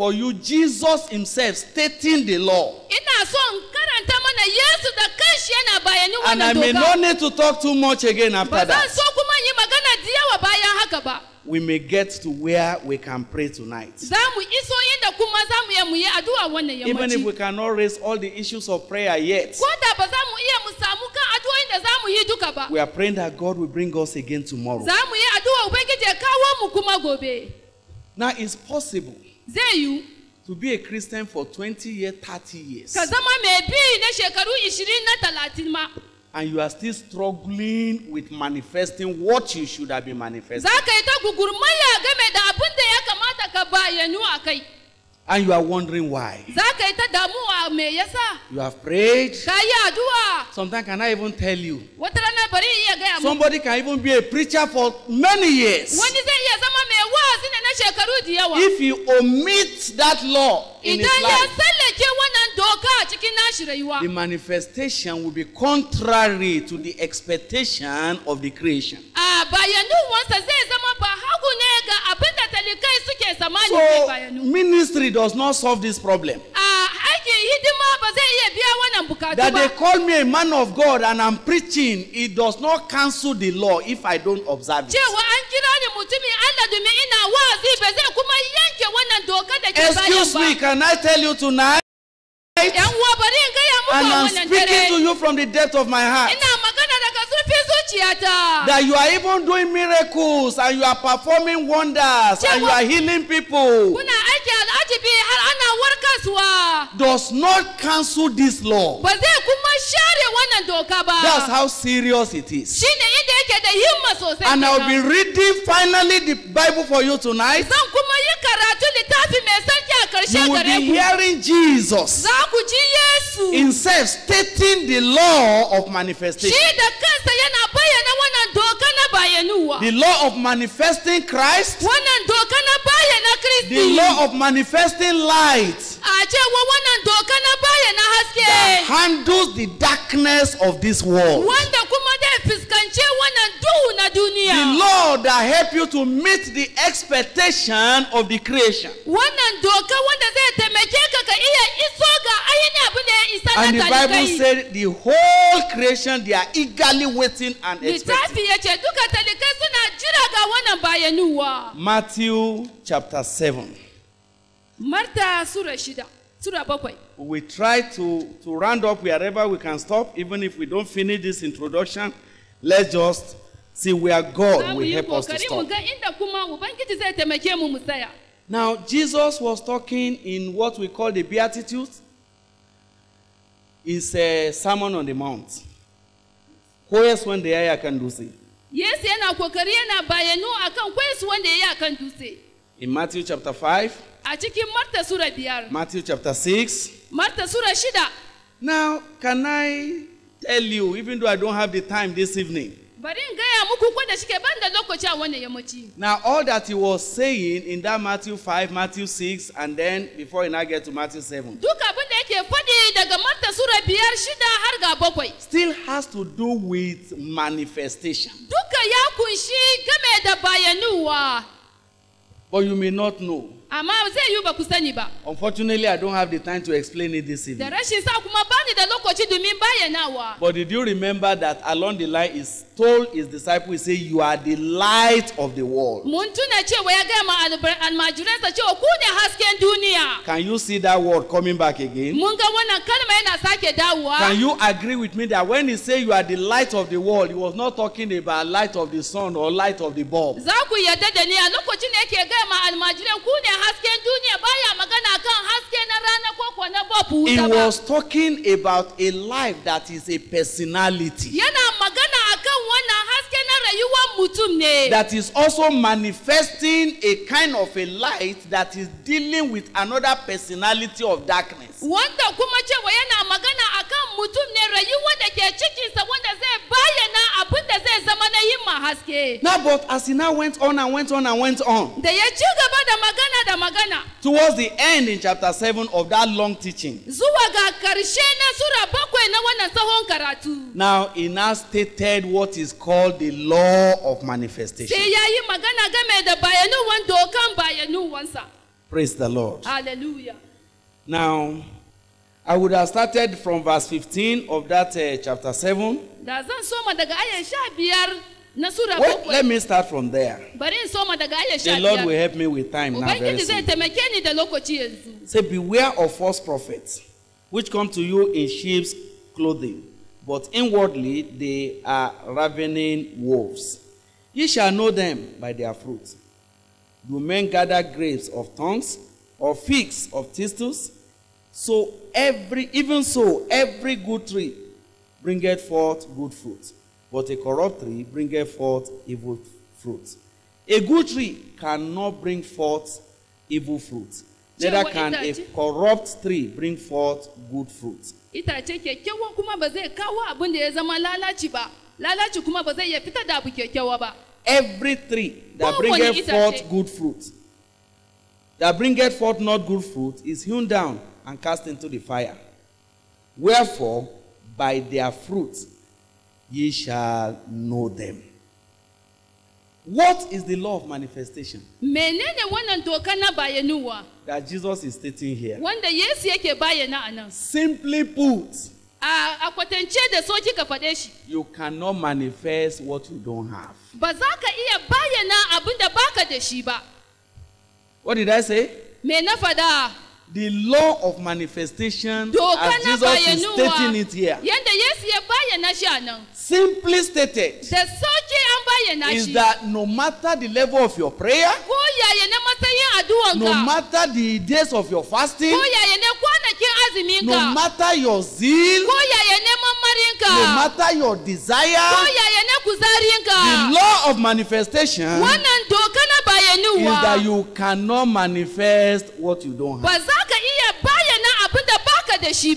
for you Jesus himself stating the law. Ina so in karanta mana Yesu da kanshi yana bayani wannan doka. And I may not need to talk too much again after that. Ba zan so kuma yi magana da yawa bayan haka ba. We may get to where we can pray tonight. Za mu iso inda kuma za mu iya mu yi addu'a wannan yammaci. Even if we cannot raise all the issues of prayer yet. Ko da ba za mu iya mu samu kan addu'o'in da za mu We are praying that God will bring us again tomorrow. Za mu yi addu'a Ubangiji ya kawo mu kuma Now it's possible zai to be a christian for twenty years thirty years. ka zama mai bi na shekaru ishirin na talatin ma. and you are still struggling with manifesting what you should have been manifesting. za ka yi ta gugurmaya game da abin da ya kamata ka bayanu a kai. and you are wondering why. za ta damuwa me yasa. you have prayed. ka yi addu'a. sometimes can I even tell you. wata rana bari iya gaya mu. somebody can even be a preacher for many years. wani zai iya zama mai sauran shekaru da yawa. If he omit that law in his life. Idan ya tsallake wannan doka cikin nashi rayuwa. The manifestation will be contrary to the expectation of the creation. A bayanuwansa zai zama ba hagu ne ga abin talikai suke zamani zai bayanu. So ministry does not solve this problem. That they call me a man of God and I'm preaching, it does not cancel the law if I don't observe it. Excuse me, can I tell you tonight? And I'm speaking to you from the depth of my heart. That you are even doing miracles and you are performing wonders and you are healing people. Does not cancel this law. That's how serious it is. And I will be reading finally the Bible for you tonight. You will be hearing Jesus himself stating the law of manifestation. The law of manifesting Christ. The law of manifesting light. A ce wannan doka na baya na haske. That handles the darkness of this world. Wanda kuma zai fuskanci wannan duhu na duniya. The law that help you to meet the expectation of the creation. Wannan doka wanda zai taimake ka ka iya iso ga ainihin abin da ya isa na And the Bible said the whole creation they are eagerly waiting and expecting. Littafi ya ce duka talikai suna jira ga wannan bayanuwa. Matthew chapter 7. Marta Sura shida, Sura bakwai. We try to, to round up wherever we can stop, even if we don't finish this introduction. Let's just see where God will help us to stop. Now, Jesus was talking in what we call the Beatitudes. It's a Sermon on the Mount. Koyas wanda ya yi akan dutse. Yesu yana kokari yana bayanu akan koyas wanda ya yi akan dutse. in Matthew chapter 5 a cikin Marta sura biyar Matthew chapter 6 Marta sura shida now can I tell you even though I don't have the time this evening bari in gaya muku ko da shike ban da lokaci a wannan yammaci now all that he was saying in that Matthew 5 Matthew 6 and then before he now get to Matthew 7 duka abin da yake fadi daga Marta sura biyar shida har ga bakwai still has to do with manifestation duka ya kunshi game da bayanuwa but you may not know. Unfortunately, I don't have the time to explain it this evening. But did you remember that along the line he told his disciples, he say You are the light of the world. Can you see that word coming back again? Can you agree with me that when he say you are the light of the world, he was not talking about light of the sun or light of the bulb? He was talking about a life that is a personality. That is also manifesting a kind of a light that is dealing with another personality of darkness. Now, but as he now went on and went on and went on. Towards the end in chapter seven of that long teaching. Now, he now stated what is called the law law of manifestation. Praise the Lord. Hallelujah. Now, I would have started from verse 15 of that uh, chapter 7. Wait, let me start from there. The Lord will help me with time now. Very soon. Say, beware of false prophets, which come to you in sheep's clothing but inwardly they are ravening wolves. Ye shall know them by their fruit. Do men gather grapes of thorns or figs of thistles? So every, even so, every good tree bringeth forth good fruit, but a corrupt tree bringeth forth evil fruit. A good tree cannot bring forth evil fruit, neither can a corrupt tree bring forth good fruit. itace kyakkyawan kuma ba zai kawo abin da ya zama lalaci ba lalaci kuma ba zai iya fitar da abu kyakkyawa ba every tree that bringeth forth good fruit that bringeth forth not good fruit is hewn down and cast into the fire wherefore by their fruit ye shall know them What is the law of manifestation? Menene wannan doka na bayanuwa? That Jesus is stating here. Wanda Yesu yake bayyana a nan. Simply put. A kwatance da so kika faɗe shi. You cannot manifest what you don't have. Ba za ka iya bayyana abin da baka da shi ba. What did I say? Me na faɗa. The law of manifestation Doka as Jesus is stating it here. Yanda Yesu ya bayyana shi a nan. Simply stated, is that no matter the level of your prayer, no matter the days of your fasting, no matter your zeal, no matter your desire, the law of manifestation is that you cannot manifest what you don't have da shi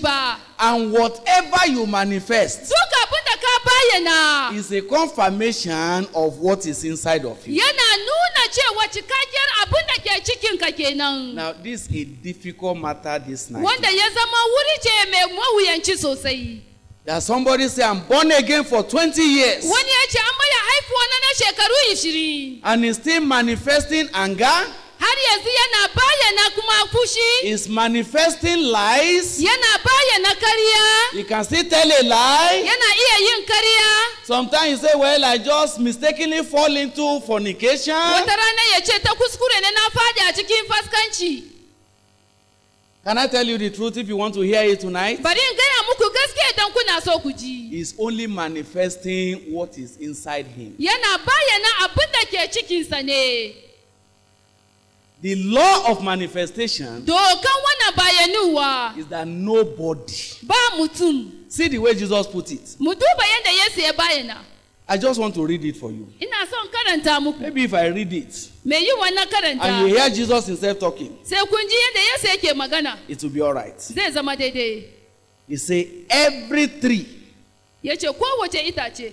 And whatever you manifest. Duk abin ka bayyana. Is a confirmation of what is inside of you. Yana nuna cewa cikakkiyar abin da ke cikin ka kenan. Now this is a difficult matter this night. Wanda ya zama wuri ce mai mawuyanci sosai. That somebody say I'm born again for 20 years. Wani ya ce an maya haifuwa na shekaru 20. And he's still manifesting anger is manifesting lies. You can still tell a lie. Sometimes you say, well, I just mistakenly fall into fornication. Can I tell you the truth if you want to hear it tonight? He's only manifesting what is inside him. The law of manifestation. Dokan wana bayanuwa. Is that nobody. Ba mutum. See the way Jesus put it. Mutu bayanda Yesu ya bayana. I just want to read it for you. Ina son karanta muku. Maybe if I read it. Me yi wannan karanta. And you hear Jesus himself talking. Sai kun ji yadda Yesu yake magana. It will be all right. Zai zama daidai. He say every tree. Yace kowace itace.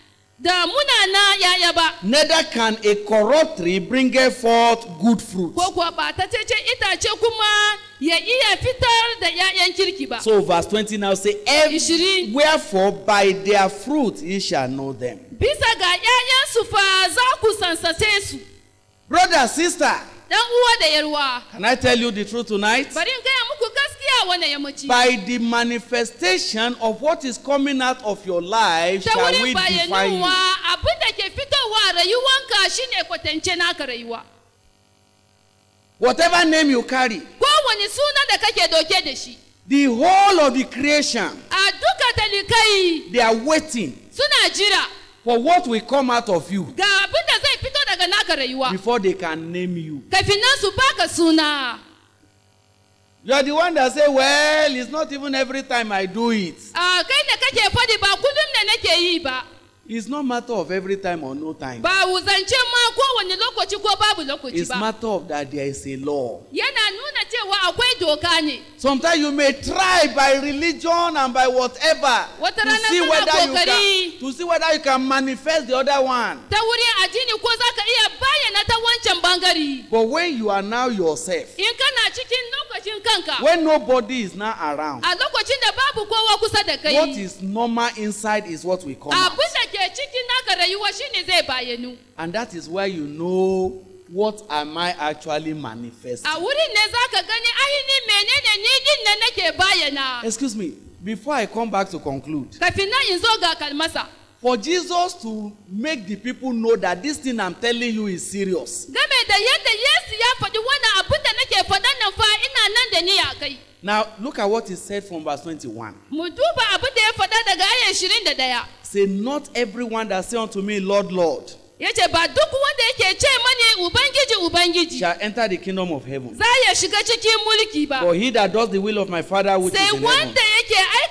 Dààmúnà náà yáyà ba. Neither can a corrupt tree bring forth good fruit. Koko ba ta ce ce itace kuma ya iya fitar da ‘ya'yan kirki ba. So verse twenty now say, Every wherefore by their fruit ye shall know them. Bisa ga ‘ya'yansu fa za ku sansace su. Brother, sister. Dan uwa da yarwa. Can I tell you the truth tonight? Bari in gaya muku gaskiya wannan yammaci. By the manifestation of what is coming out of your life shall we define you. abin da ke fitowa rayuwanka shine kwatance naka rayuwa. Whatever name you carry. Kowane suna da kake doke da shi. The whole of the creation. A duka talikai. They are waiting. Suna jira. For what will come out of you. Ga abin da zai fito daga naka Before they can name you. Kafin nan su baka suna. You are the one that say, well, it's not even every time I do it. Ah, kai da kake faɗi ba kullum ne nake yi ba. It's not matter of every time or no time. Ba zance kowane lokaci ko babu lokaci ba. It's matter of that there is a law. Yana nuna cewa akwai doka ne. Sometimes you may try by religion and by whatever to see whether you can to see whether you can manifest the other one. Ta wurin addini ko za ka iya bayyana ta wancan bangare. But when you are now yourself. In kana cikin lokacin kanka. When nobody is now around. A lokacin da babu kowa kusa da kai. What is normal inside is what we call. Abin da ke And that is where you know what am I actually manifesting. Excuse me, before I come back to conclude. For Jesus to make the people know that this thing I'm telling you is serious. Now look at what he said from verse 21. ya faɗa daga da ɗaya Say not everyone that say unto me Lord Lord. yace ba duk wanda yake ce mani ubangiji ubangiji shall enter the kingdom of heaven za ya shiga cikin mulki ba for he that does the will of my father which is in heaven sai wanda yake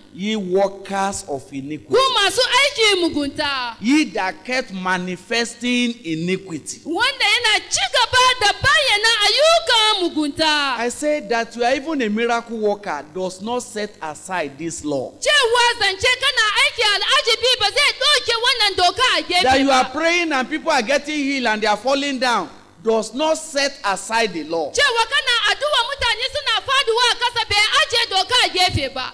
ye workers of iniquity. Kuma su aiki mugunta. Ye that kept manifesting iniquity. Wanda yana ci gaba da na ayyukan mugunta. I say that you are even a miracle worker does not set aside this law. Cewa zance kana aiki al'ajibi ba zai ɗauke wannan doka a gefe ba. That you are praying and people are getting healed and they are falling down does not set aside the law. Cewa kana addu'a mutane suna faduwa a kasa bai ajiye doka a gefe ba.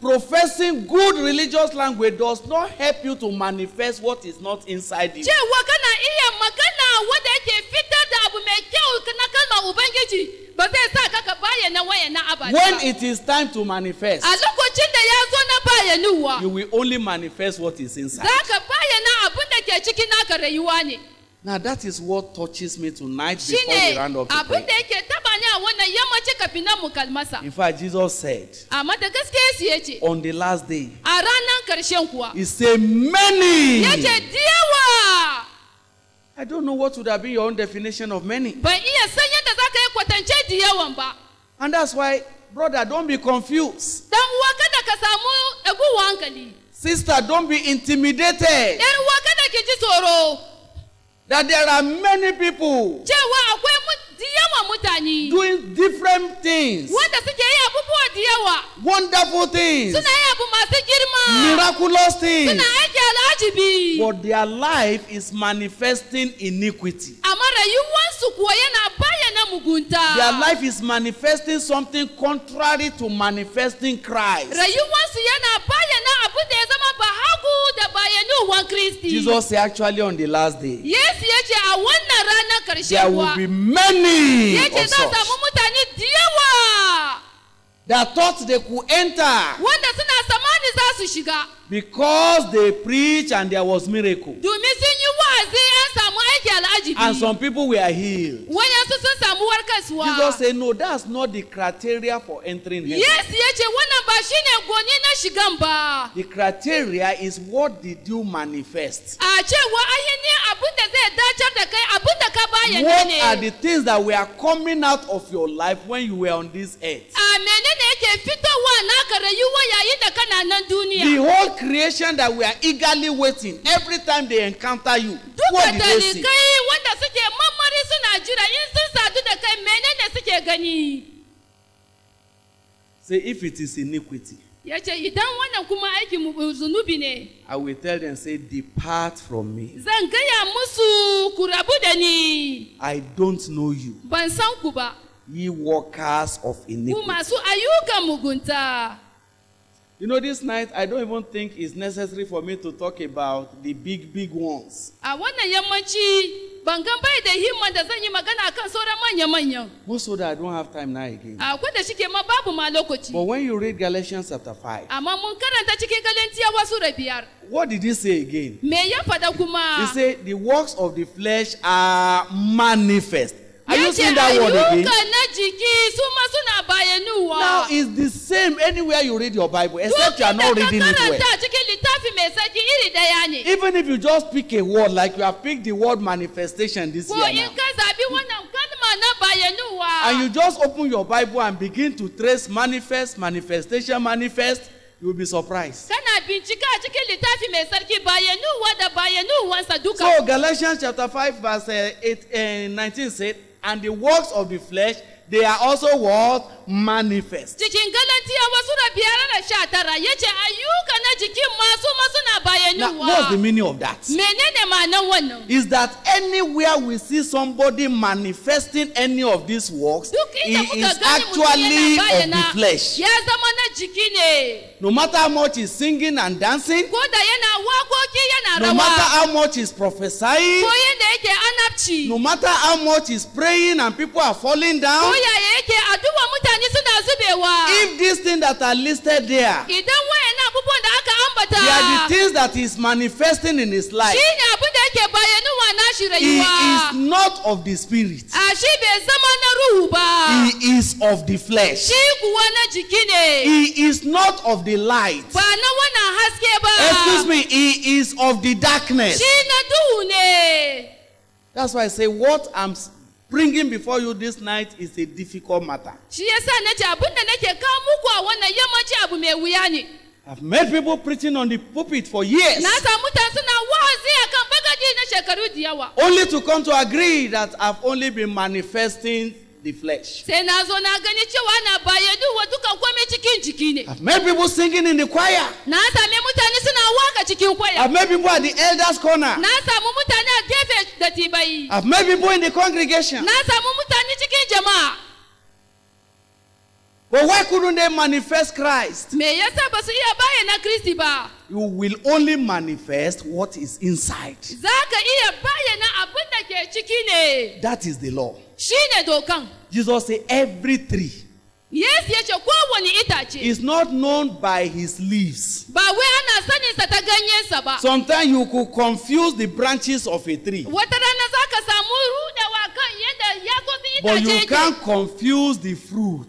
professing good religious language does not help you to manifest what is not inside you. cewa kana iya magana wanda yake fitar da abu mai kyau na kalmar ubangiji ba zai sa ka ka bayyana wayannan abada. when it is time to manifest. a lokacin da ya zo na bayyanuwa. you will only manifest what is inside. za ka bayyana abin da ke cikin naka rayuwa ne. Now that is what touches me tonight before we round up the prayer. In fact, Jesus said, ah, on the last day, he said, many. I don't know what would have been your own definition of many. And that's why, brother, don't be confused. Sister, don't be intimidated that there are many people. jẹ́wọ́ àpò ẹ̀mú da yawa mutane doing different things wanda suke yi abubuwa da yawa wonderful things suna yi abu masu girma miraculous things suna aiki al'ajibi but their life is manifesting iniquity amma rayuwarsu kuwa yana bayyana mugunta their life is manifesting something contrary to manifesting Christ rayuwarsu yana bayyana abu da ya zama ba hagu da bayyanuwan Kristi Jesus actually on the last day yes yace a wannan ranar karshe kuwa there will be many Yesu. Yesu sa mu mutane da yawa that thought they could enter. Wanda suna tsammani za su shiga. Because they preach and there was miracle. Domin sun yi wa'azi an samu aiki al'ajibi. And some people were healed. Wayansu sun samu warkaswa. Jesus say no that's not the criteria for entering heaven. Yes ya ce wannan ba shine goni na shigan ba. The criteria is what did you manifest. A cewa ainihin abin da zai dacar da kai abin da ka bayyana ne. What are the things that were coming out of your life when you were on this earth? Amen yake fitowa naka rayuwa yayin da kana nan duniya. The whole creation that we are eagerly waiting every time they encounter you. Duka talikai wanda suke mamari suna jira in sun sadu da kai menene suke gani. Say if it is iniquity. ya ce idan wannan kuma aikin zunubi ne i will tell them say depart from me zan gaya musu ku rabu da ni i don't know you ban san ku ba ye workers of iniquity. Masu ayuka mugunta. You know, this night I don't even think it's necessary for me to talk about the big, big ones. Most of that I don't have time now again. But when you read Galatians chapter 5. What did he say again? Me ya He said the works of the flesh are manifest. Are you seeing that word again? Now it's the same anywhere you read your Bible, except you are not reading it well. Even if you just pick a word, like you have picked the word manifestation this year now. And you just open your Bible and begin to trace manifest, manifestation, manifest, you will be surprised. So Galatians chapter five, verse eight, and 19 said, and the works of the flesh they are also what manifest. jikin galantiya wasu da biyar da sha tara ya ce ayyuka na jikin masu masu na bayanuwa. now what's the meaning of that. menene ma'anar wannan. is that anywhere we see somebody manifesting any of these works. duk inda muka gani mutum yana bayana. of the flesh. ya zama na jiki ne. no matter how much is singing and dancing. ko da yana waƙoƙi yana rawa. no matter how much is prophesying. ko yadda yake anabci. no matter how much is praying and people are falling down. If this thing that are listed there, they are the things that is manifesting in his life, he is not of the spirit, he is of the flesh, he is not of the light. Excuse me, he is of the darkness. That's why I say what I'm bringing before you this night is a difficult matter. shi yasa nace abin da nake kawo muku a wannan yammaci abu mai wuya ne. I've met people preaching on the pulpit for years. Na samu mutane suna wa'azi akan bagaji na shekaru da yawa. Only to come to agree that I've only been manifesting the flesh. I've met people singing in the choir. I've met people at the elders' corner. I've met people in the congregation. But why couldn't they manifest Christ? You will only manifest what is inside. That is the law. Jesus said every tree. Yesu ya ce not known by his leaves. Ba wai ana Sometimes you could confuse the branches of a tree. Wata but you can't confuse the fruit.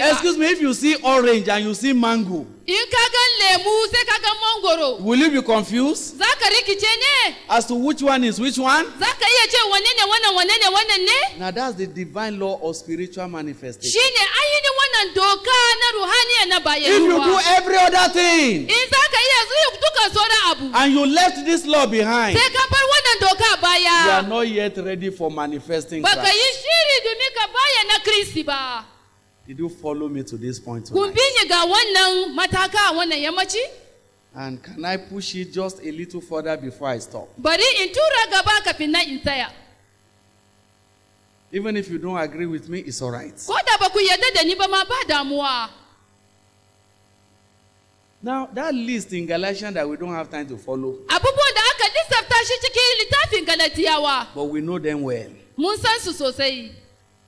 Excuse me, if you see orange and you see mango. In ka ga lemu sai ka ga mangoro. Will you be confused? Za ka rikice As to which one is which one? Za ka iya ce wanne ne wannan wanne ne wannan ne? Now that's the divine law of spiritual manifestation. Shi ne ainihin wannan doka na ruhaniya na bayan If you do every other thing. In za ka iya zuwa duka sauran abu. And you left this law behind. Sai ka bar wannan doka baya. You are not yet ready for manifesting Christ. Baka yi shiri domin ka bayyana Kristi ba. Did you follow me to this point? tonight? And can I push it just a little further before I stop? Bari in tura gaba kafin in Even if you don't agree with me, it's all right. Now, that list in Galatians that we don't have time to follow. Abubuwan da aka cikin littafin But we know them well. Mun san su sosai.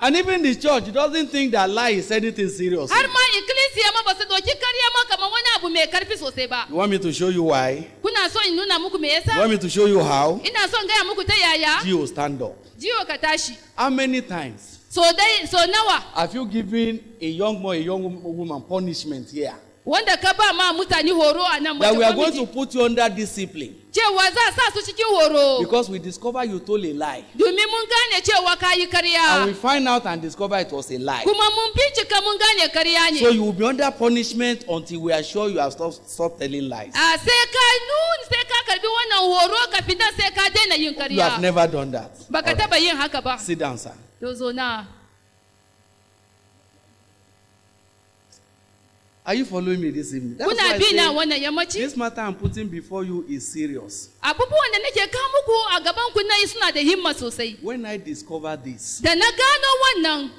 And even the church doesn't think that lie is anything serious. Har ma ikkilisiya ma ba su ɗauki karya ma kamar wani abu mai karfi sosai ba. You want me to show you why? Kuna so in nuna muku me yasa? You want me to show you how? Ina son gaya muku ta yaya? Jiyo stand up. Jiyo ka tashi. How many times? So dai so nawa. Have you given a young boy a young woman punishment here? wanda ka ba ma mutane horo a nan that we are going to put you under discipline. cewa za a sa su cikin horo. because we discover you told a lie. domin mun gane cewa ka yi karya. and we find out and discover it was a lie. kuma mun bincika mun gane karya ne. so you will be under punishment until we are sure you have stopped stop telling lies. a ah, sai ka nun sai ka karbi wannan horo kafin nan sai ka daina yin karya. you have never done that. baka taba yin haka ba. sit down sir. to zo na. Are you following me this evening? That's why I say, This matter I'm putting before you is serious. Abubuwan da nake muku a gaban nayi suna da himma sosai. When I discovered this. Da na gano wannan.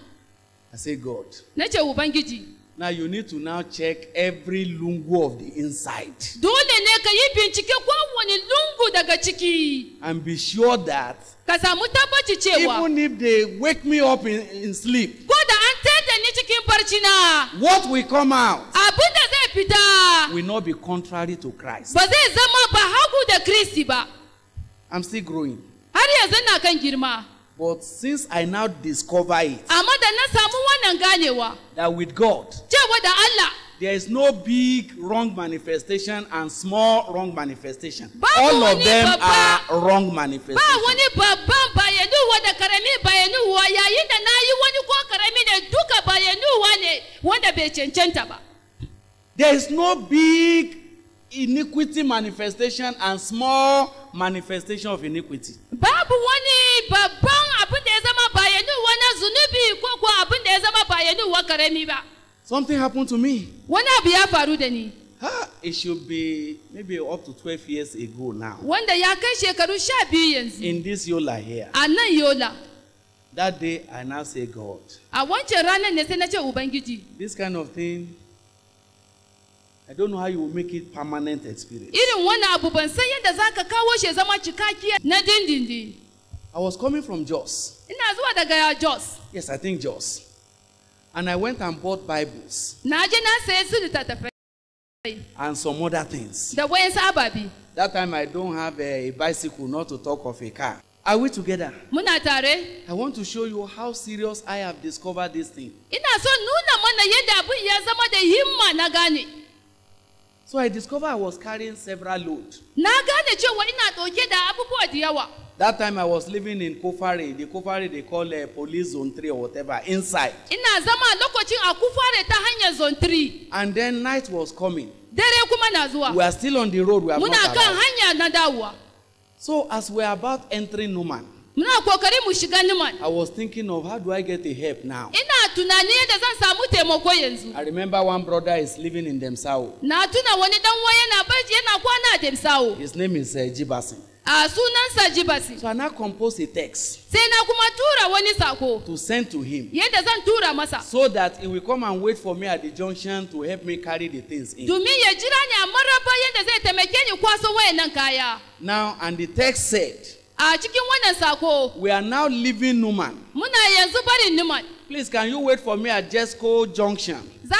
I say God. Ubangiji. Now you need to now check every lungu of the inside. Dole ne ka yi bincike lungu daga ciki. And be sure that. Ka samu cewa. Even if they wake me up in, in sleep. What will come out will not be contrary to Christ. How the Christ I'm still growing. But since I now discover it, that with God, there is no big wrong manifestation and small wrong manifestation. All of them are wrong manifestations wanda bai cancanta ba there is no big iniquity manifestation and small manifestation of iniquity. babu wani babban abin da ya zama bayanuwa na zunubi ko ko abin da ya zama bayanuwa something happened to me. wani abu ya faru da ni. ha it should be maybe up to twelve years ago now. wanda ya kai shekaru sha biyu yanzu. in this yola here. a yola. That day I now say God. A wancan ranar ne sai na ce Ubangiji. This kind of thing I don't know how you will make it permanent experience. Irin wannan abu ban san yadda za ka kawo shi zama cikakkiyar na dindindin. I was coming from Jos. Ina zuwa daga Jos. Yes, I think Jos. And I went and bought Bibles. Na je na saye su littattafai. And some other things. Da wayansu ababi. That time I don't have a bicycle not to talk of a car. Are we together? Muna tare? I want to show you how serious I have discovered this thing. Ina so nuna mana yadda abin ya zama da himma na gane. So I discovered I was carrying several load. Na gane cewa ina ɗauke da abubuwa da yawa. That time I was living in Kofare, the Kofare they call uh, police zone 3 or whatever, inside. Ina zama lokacin a Kofare ta hanyar zone 3. And then night was coming. Dare kuma na zuwa. We are still on the road, we are Muna kan hanya na dawowa. So as we are about entering Numan, mnakuokari mushiga Numan. I was thinking of how do I get a help now? Ina tunani yadda zan samu taimako yanzu. I remember one brother is living in Demsau. Na tuna wani dan uwa yana yana kwana a Demsau. His name is uh, eh, Jibasin. So I now compose a text to send to him so that he will come and wait for me at the junction to help me carry the things in. Now, and the text said, We are now leaving Numan. Please, can you wait for me at Jesco Junction so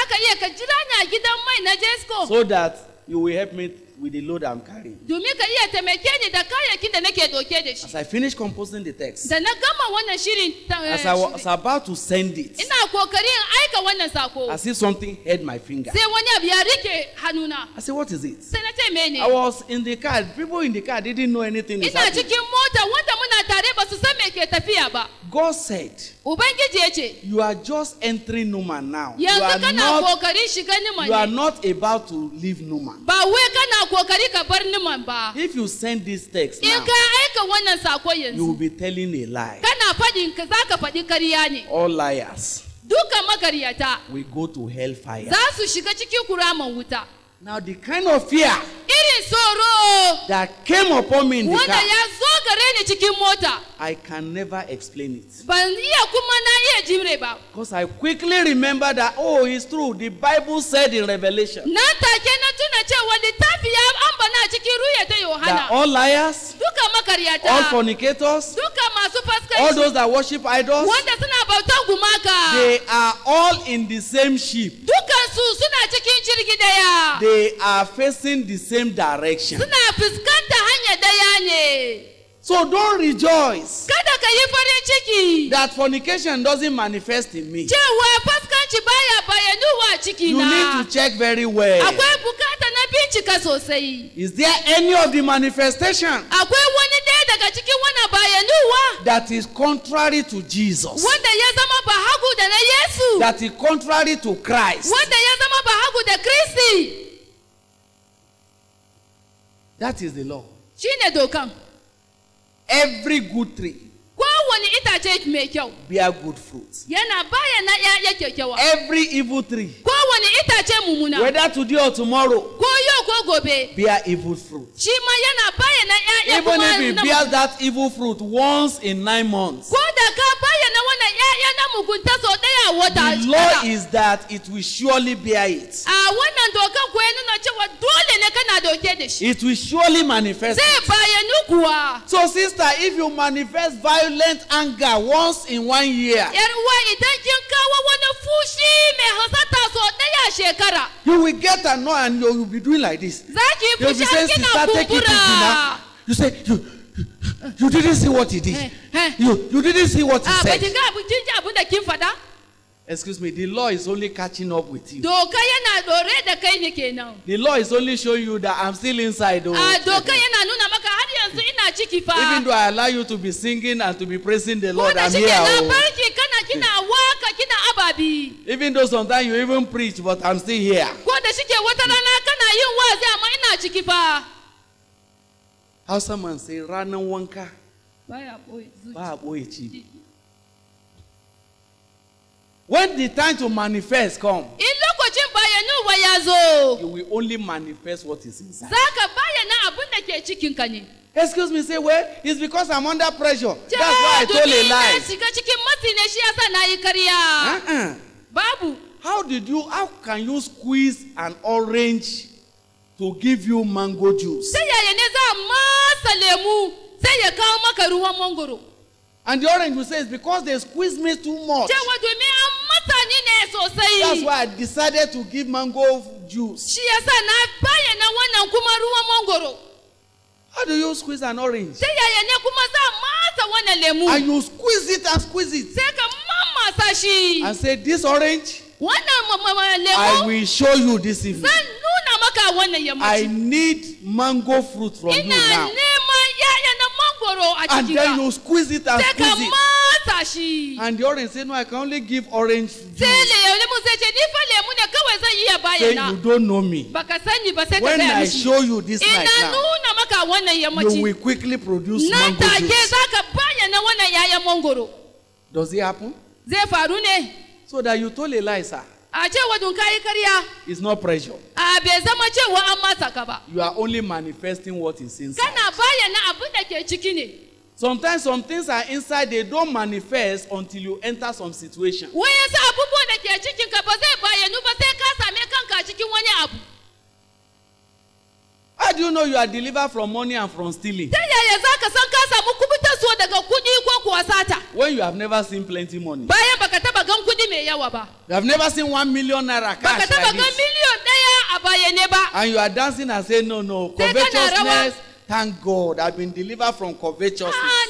that you will help me with the load I'm carrying. Domin ka iya taimake ni da kayayyakin da nake doke da shi. As I finish composing the text. Da na gama wannan shirin. Eh, as I was about to send it. Ina kokari aika wannan sako. I see something held my finger. Sai wani abu ya rike hannuna. I say what is it? Sai na ce mene. I was in the car. People in the car didn't know anything Ina cikin mota wanda muna tare ba su san me ke tafiya ba. God said. Ubangiji ya ce. You are just entering Numa now. Yanzu kana kokarin shiga Numa ne. You are not about to leave Numa. Ba wai kana kokari ka bar niman ba. If you send this text now. In ka aika wannan sako yanzu. You will be telling a lie. Kana faɗin ka zaka faɗi ƙarya ne. All liars. Duka magaryata We go to fire. Za su shiga cikin kuraman wuta. Now the kind of fear irin tsoro that came upon me in the car, wanda ya zo gare ni cikin mota, I can never explain it. Ban iya kuma na iya jimre ba. Because I quickly remember that, oh, it's true, the Bible said in Revelation. Na take na tuna cewa littafi ya ambana cikin ruya ta Yohana. That all liars, duka makaryata, all fornicators, duka masu faskanci, all those that worship idols, wanda suna bautan gumaka, they are all in the same ship. Dukansu suna cikin jirgi daya. they are facing the same direction. Suna fuskantar hanya daya ne. So don't rejoice. Kada ka yi farin ciki. That fornication doesn't manifest in me. Cewa fuskanci baya bayyanuwa ciki na. You need to check very well. Akwai bukata na bincika sosai. Is there any of the manifestation? Akwai wani ɗaya daga cikin wannan bayyanuwa. That is contrary to Jesus. Wanda ya zama ba hagu da na Yesu. That is contrary to Christ. Wanda ya zama ba hagu da Kristi. That is the law. Shine dokan. Every good tree. kowane itace mai kyau. Bear good fruit. Yana baya na ‘ya'ya kyakkyawa. Every evil tree. Kowane itace mumuna. Whether today or tomorrow. Ko yau ko gobe. Bear evil fruit. Shi ma yana baya na ‘ya'ya kuma Even if he bears that evil fruit once in nine months. Ko da ka baya na wannan The law is that it will surely bear it. It will surely manifest. It. So, sister, if you manifest violent anger once in one year, you will get annoyed and you will be doing like this. You will be saying, Sister, take it easy now." You say, you. You didn't see what he did. Eh, eh. You, you didn't see what he ah, said. Excuse me, the law is only catching up with you. Doka yana dore da kai ne kenan. The law is only showing you that I'm still inside. Oh. Ah, doka yana nuna maka har yanzu ina ciki fa. Even though I allow you to be singing and to be praising the Lord, I'm here. Ko da shi na barki kana kina waka kina ababi. Even though sometimes you even preach, but I'm still here. Ko da shi wata rana kana yin wazi amma ina ciki fa hausa man sai ranar wanka ba a ɓoye cibi when the time to manifest come in lokacin bayanuwa ya zo you will only manifest what is inside za ka bayyana abin da ke cikinka ne excuse me say well it's because i'm under pressure that's why i told a lie shiga cikin matsi ne shi yasa na yi karya uh-uh. babu how did you how can you squeeze an orange to give you mango juice. sai yaya ne za a masa lemu sai ya kawo maka ruwan And the orange will say it's because they squeeze me too much. Cewa domin an masa ni ne sosai. That's why I decided to give mango juice. Shi yasa na bayyana wannan kuma ruwan mangoro. How do you squeeze an orange? Sai yaya ne kuma za a masa wannan lemu. And you squeeze it and squeeze it. Sai ka mamasa shi. And say this orange. I will show you this evening. I need mango fruit from you now. And then you squeeze it and squeeze it. And the orange say, No, I can only give orange juice. Say, You don't know me. When I show you this night now, you will quickly produce mango juice. Does it happen? so that you tole laisa. a cewa dun kayi karya. it's not pressure. a bai zama cewa an masa ka ba. you are only manifesting what is inside. kana bayyana abin da ke ciki ne. sometimes some things are inside they don't manifest until you enter some situation. wayansu abubuwan da ke cikin ka ba zai bayyanu ba sai ka same kanka cikin wani abu. how do you know you are delivered from money and from stealing. ta yaya za ka san ka samu kubutarsuwa daga kuɗi ko kuwa sata. when you have never seen plenty money. bayan baka have never seen one million naira cash like this. And you are dancing and saying, no, no, covetousness, thank God, I've been delivered from covetousness. Ah,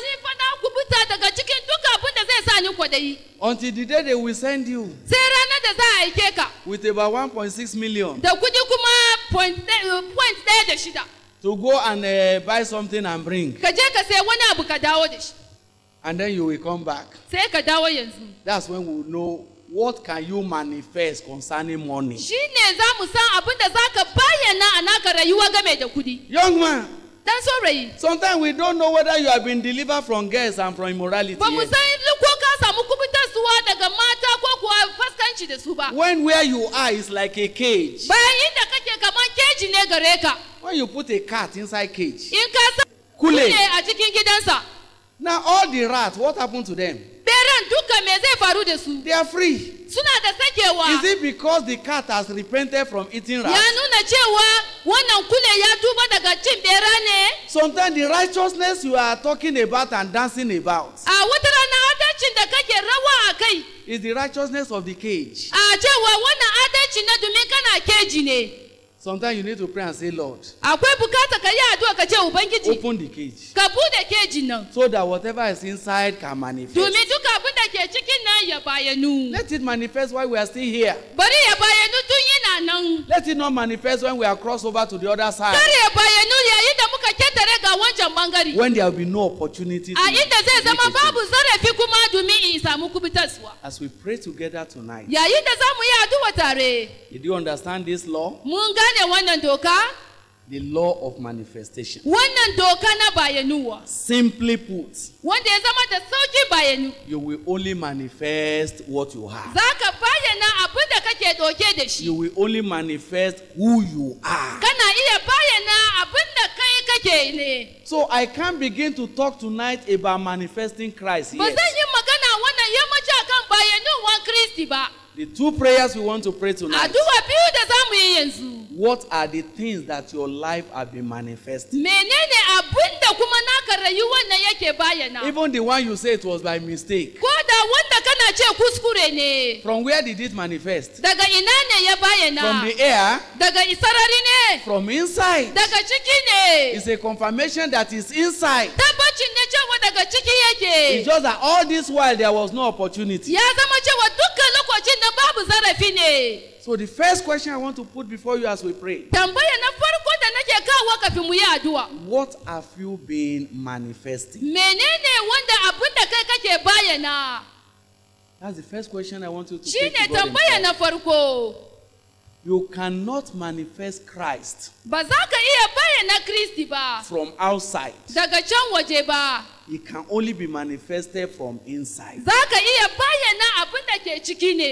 Until the day they will send you with about 1.6 million to go and uh, buy something and bring. and then you will come back. Sai ka dawo yanzu. That's when we know what can you manifest concerning money. Shi ne za mu san abin da za ka bayyana a naka rayuwa game da kuɗi. Young man. Dan saurayi. Sometimes we don't know whether you have been delivered from girls and from immorality. Ba mu san ko ka samu kubutarsuwa daga mata ko kuwa faskanci da su ba. When where you are is like a cage. Bayan inda kake kaman keji ne gare ka. When you put a cat inside cage. In ka sa. Kule. a cikin gidansa. Now all the rats, what happened to them? Beran duka me zai faru da su. They are free. Suna da sakewa. Is it because the cat has repented from eating rats? Ya nuna cewa wannan kule ya tuba daga cin bera ne. Sometimes the righteousness you are talking about and dancing about. A wata rana adalcin da kake rawa Is the righteousness of the cage. A cewa wannan adalci na domin kana keji ne. Sometimes you need to pray and say, Lord. Akwai bukata ka yi addu'a ka ce Ubangiji. Open the cage. Ka bude kejin nan. So that whatever is inside can manifest. Domin duka abin da ke cikin nan ya bayanu. Let it manifest while we are still here. Bari ya bayanu tun yana nan. Let it not manifest when we are cross over to the other side. Kar ya bayanu yayin da muka ketare ga wancan bangare. When there will be no opportunity. A inda zai zama babu zarafi kuma domin in samu kubutarsuwa. As we pray together tonight. Yayin da za mu yi addu'a tare. Did you understand this law? Mun gane gane wannan doka? The law of manifestation. Wannan doka na bayanuwa. Simply put. Wanda ya zama da sauƙi bayanu. You will only manifest what you have. Za ka bayyana abin da kake doke da shi. You will only manifest who you are. Kana iya bayyana abin da kai kake ne. So I can't begin to talk tonight about manifesting Christ yet. Ba zan yi magana wannan yammacin akan bayanuwan Kristi ba. The two prayers we want to pray tonight. Addu'a biyu da za mu yanzu. What are the things that your life have be manifesting? Menene abin da kuma naka rayuwar nan yake bayana. Even the one you say it was by mistake. Ko da wanda kana ce kuskure ne. From where did it manifest? Daga ne ya bayyana? From the air. Daga sarari ne. From inside. Daga ciki ne. It's a confirmation that is inside. Tabbacin ne cewa daga ciki yake. It's just that all this while there was no opportunity. Ya zama cewa dukkan lokacin da Bible said that fine. So the first question I want to put before you as we pray. What have you been manifesting? That's the first question I want you to Shine you cannot manifest Christ. Ba za ka iya bayyana Kristi ba. From outside. Daga can waje ba. he can only be manifested from inside. Za ka iya bayyana abin da ke ciki ne.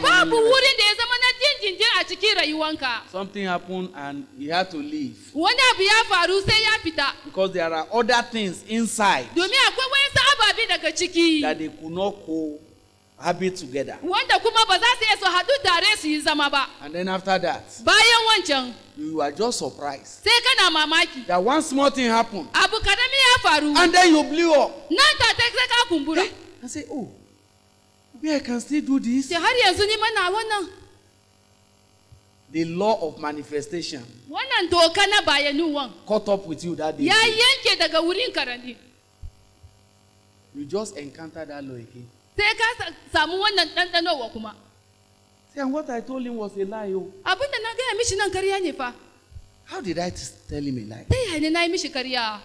babu wurin da ya zama na dindindin a cikin rayuwanka. Something happened and he had to leave. Wani abu ya faru sai ya fita. Because there are other things inside. Domin akwai wayansu ababe daga ciki. That they could not co habit together. Wanda kuma ba za su iya su haɗu tare su yi zama ba. And then after that. Bayan wancan. You are just surprised. Sai kana mamaki. That one small thing happened. Abu karami ya faru. And then you blew up. Nan ta sai ka kumbura. And eh, say oh. Me, I can still do this. Ce har yanzu ni mana wannan. The law of manifestation. Wannan doka na bayanuwan. Caught up with you that day. Ya yanke daga wurin karani. You just encounter that law again. Sai ka samu wannan ɗanɗanowa kuma. See, and what I told him was a lie. Oh. Abin da na gaya mishi nan karya ne fa. How did I tell him a lie? Ta yaya ne na yi mishi karya?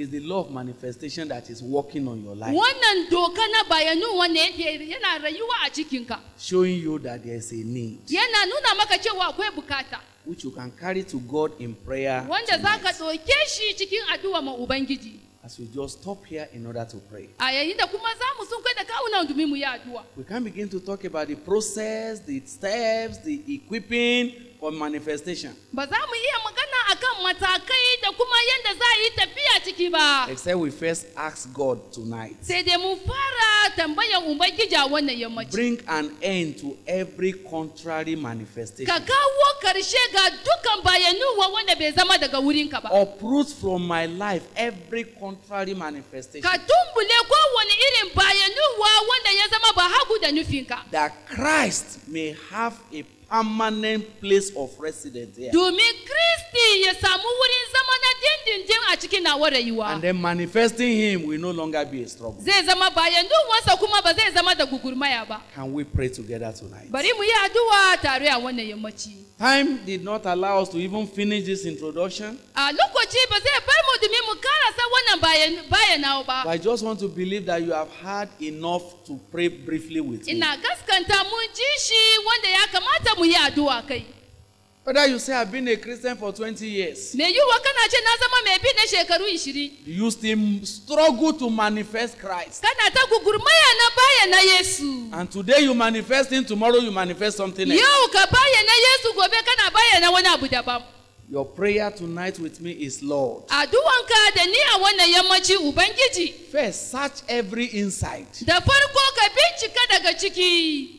is the law of manifestation that is working on your life. Wannan doka na bayanu wanda yake yana rayuwa a cikinka. Showing you that there is a need. Yana nuna maka cewa akwai bukata. Which you can carry to God in prayer. Wanda za ka shi cikin addu'a ma Ubangiji. As we just stop here in order to pray. A yayin da kuma za mu sun kai da domin mu yi addu'a. We can begin to talk about the process, the steps, the equipping, on manifestation. Ba za mu iya magana akan matakai da kuma yadda za a yi tafiya ciki ba. Except we first ask God tonight. Sai dai mu fara tambayar Ubangiji a wannan yammaci. Bring an end to every contrary manifestation. Ka kawo karshe ga dukkan bayanuwa wanda bai zama daga wurinka ba. Uproot from my life every contrary manifestation. Ka tumbule kowane irin bayanuwa wanda ya zama ba hagu da nufinka. That Christ may have a permanent place of residence here. Domin Kristi ya samu wurin zama na dindindin a cikin nawar rayuwa. And then manifesting him will no longer be a struggle. Zai zama ba yanzu wasa kuma ba zai zama da gugurmaya ba. Can we pray together tonight? Bari mu yi addu'a tare a wannan yammaci. Time did not allow us to even finish this introduction. A lokaci ba zai bar mu domin mu karasa wannan bayanawa ba. But I just want to believe that you have had enough to pray briefly with me. Ina gaskanta mun ji shi wanda ya kamata mu mu yi addu'a kai Whether you say I've been a Christian for 20 years. Me yiwuwa kana ce na zama mai bi na shekaru 20. You still struggle to manifest Christ. Kana ta gugurmaya na baya na Yesu. And today you manifesting, tomorrow you manifest something else. Yau ka baya na Yesu gobe kana baya na wani abu daban. Your prayer tonight with me is Lord. Addu'anka da ni a wannan yammaci Ubangiji. First, search every inside. Da farko ka bincika daga ciki.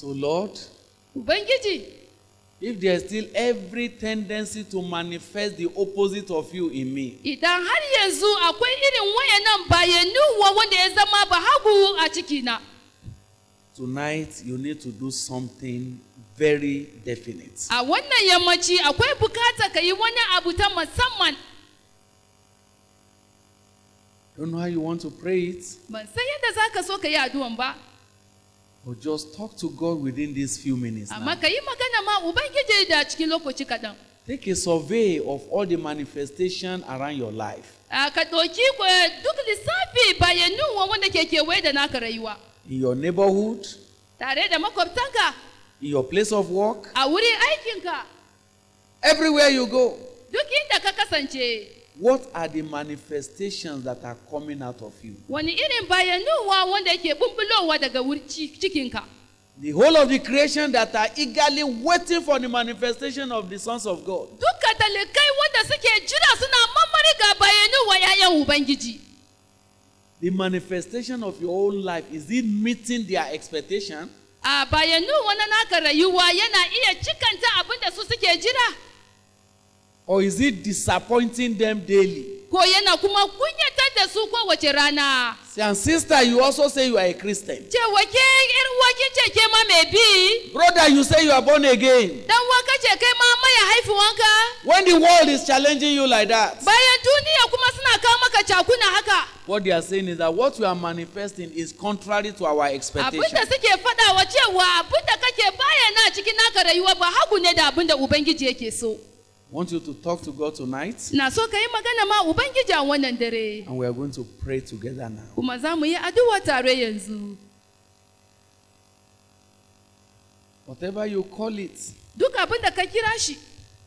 So, Lord, if there is still every tendency to manifest the opposite of you in me, idan har yanzu akwai irin wayannan bayanuwa wanda ya zama ba hagu a cikina. Tonight, you need to do something very definite. A wannan yammaci akwai bukata ka yi wani abu ta musamman. Don't know how you want to pray it. Ban san yadda za ka so ka yi addu'an ba. Or just talk to God within these few minutes. Amma ka magana ma Ubangiji da cikin lokaci kaɗan. Take a survey of all the manifestation around your life. Ka ɗauki eh, duk lissafi bayanin wanda ke kewaye da naka rayuwa. In your neighborhood. Tare da makwabtanka. In your place of work. A wurin aikinka. Everywhere you go. Duk inda ka kasance. What are the manifestations that are coming out of you? Wani irin bayanuwa wanda yake bumbulowa daga cikinka. The whole of the creation that are eagerly waiting for the manifestation of the sons of God. Duka talikai wanda suke jira suna mamari ga bayanuwa ‘ya'yan Ubangiji. The manifestation of your own life, is it meeting their expectation? A bayanuwa na naka rayuwa yana iya cikanta abin da su suke jira. or is it disappointing them daily? Ko yana kuma kunyatar da su kowace rana. And sister, you also say you are a Christian. Cewa ke ƴar uwa kin ce ke ma mai bi. Brother, you say you are born again. Dan uwa ka ce kai ma maya haifuwanka. When the world is challenging you like that. Bayan duniya kuma suna kawo maka cakuna haka. What they are saying is that what you are manifesting is contrary to our expectation. Abin da suke faɗawa cewa abin da kake bayana cikin naka rayuwa ba haku ne da abin da Ubangiji yake so. want you to talk to God tonight. Na so ka yi magana ma Ubangiji a wannan dare. And we are going to pray together now. Kuma za mu yi addu'a tare yanzu. Whatever you call it. Duk abin da ka kira shi.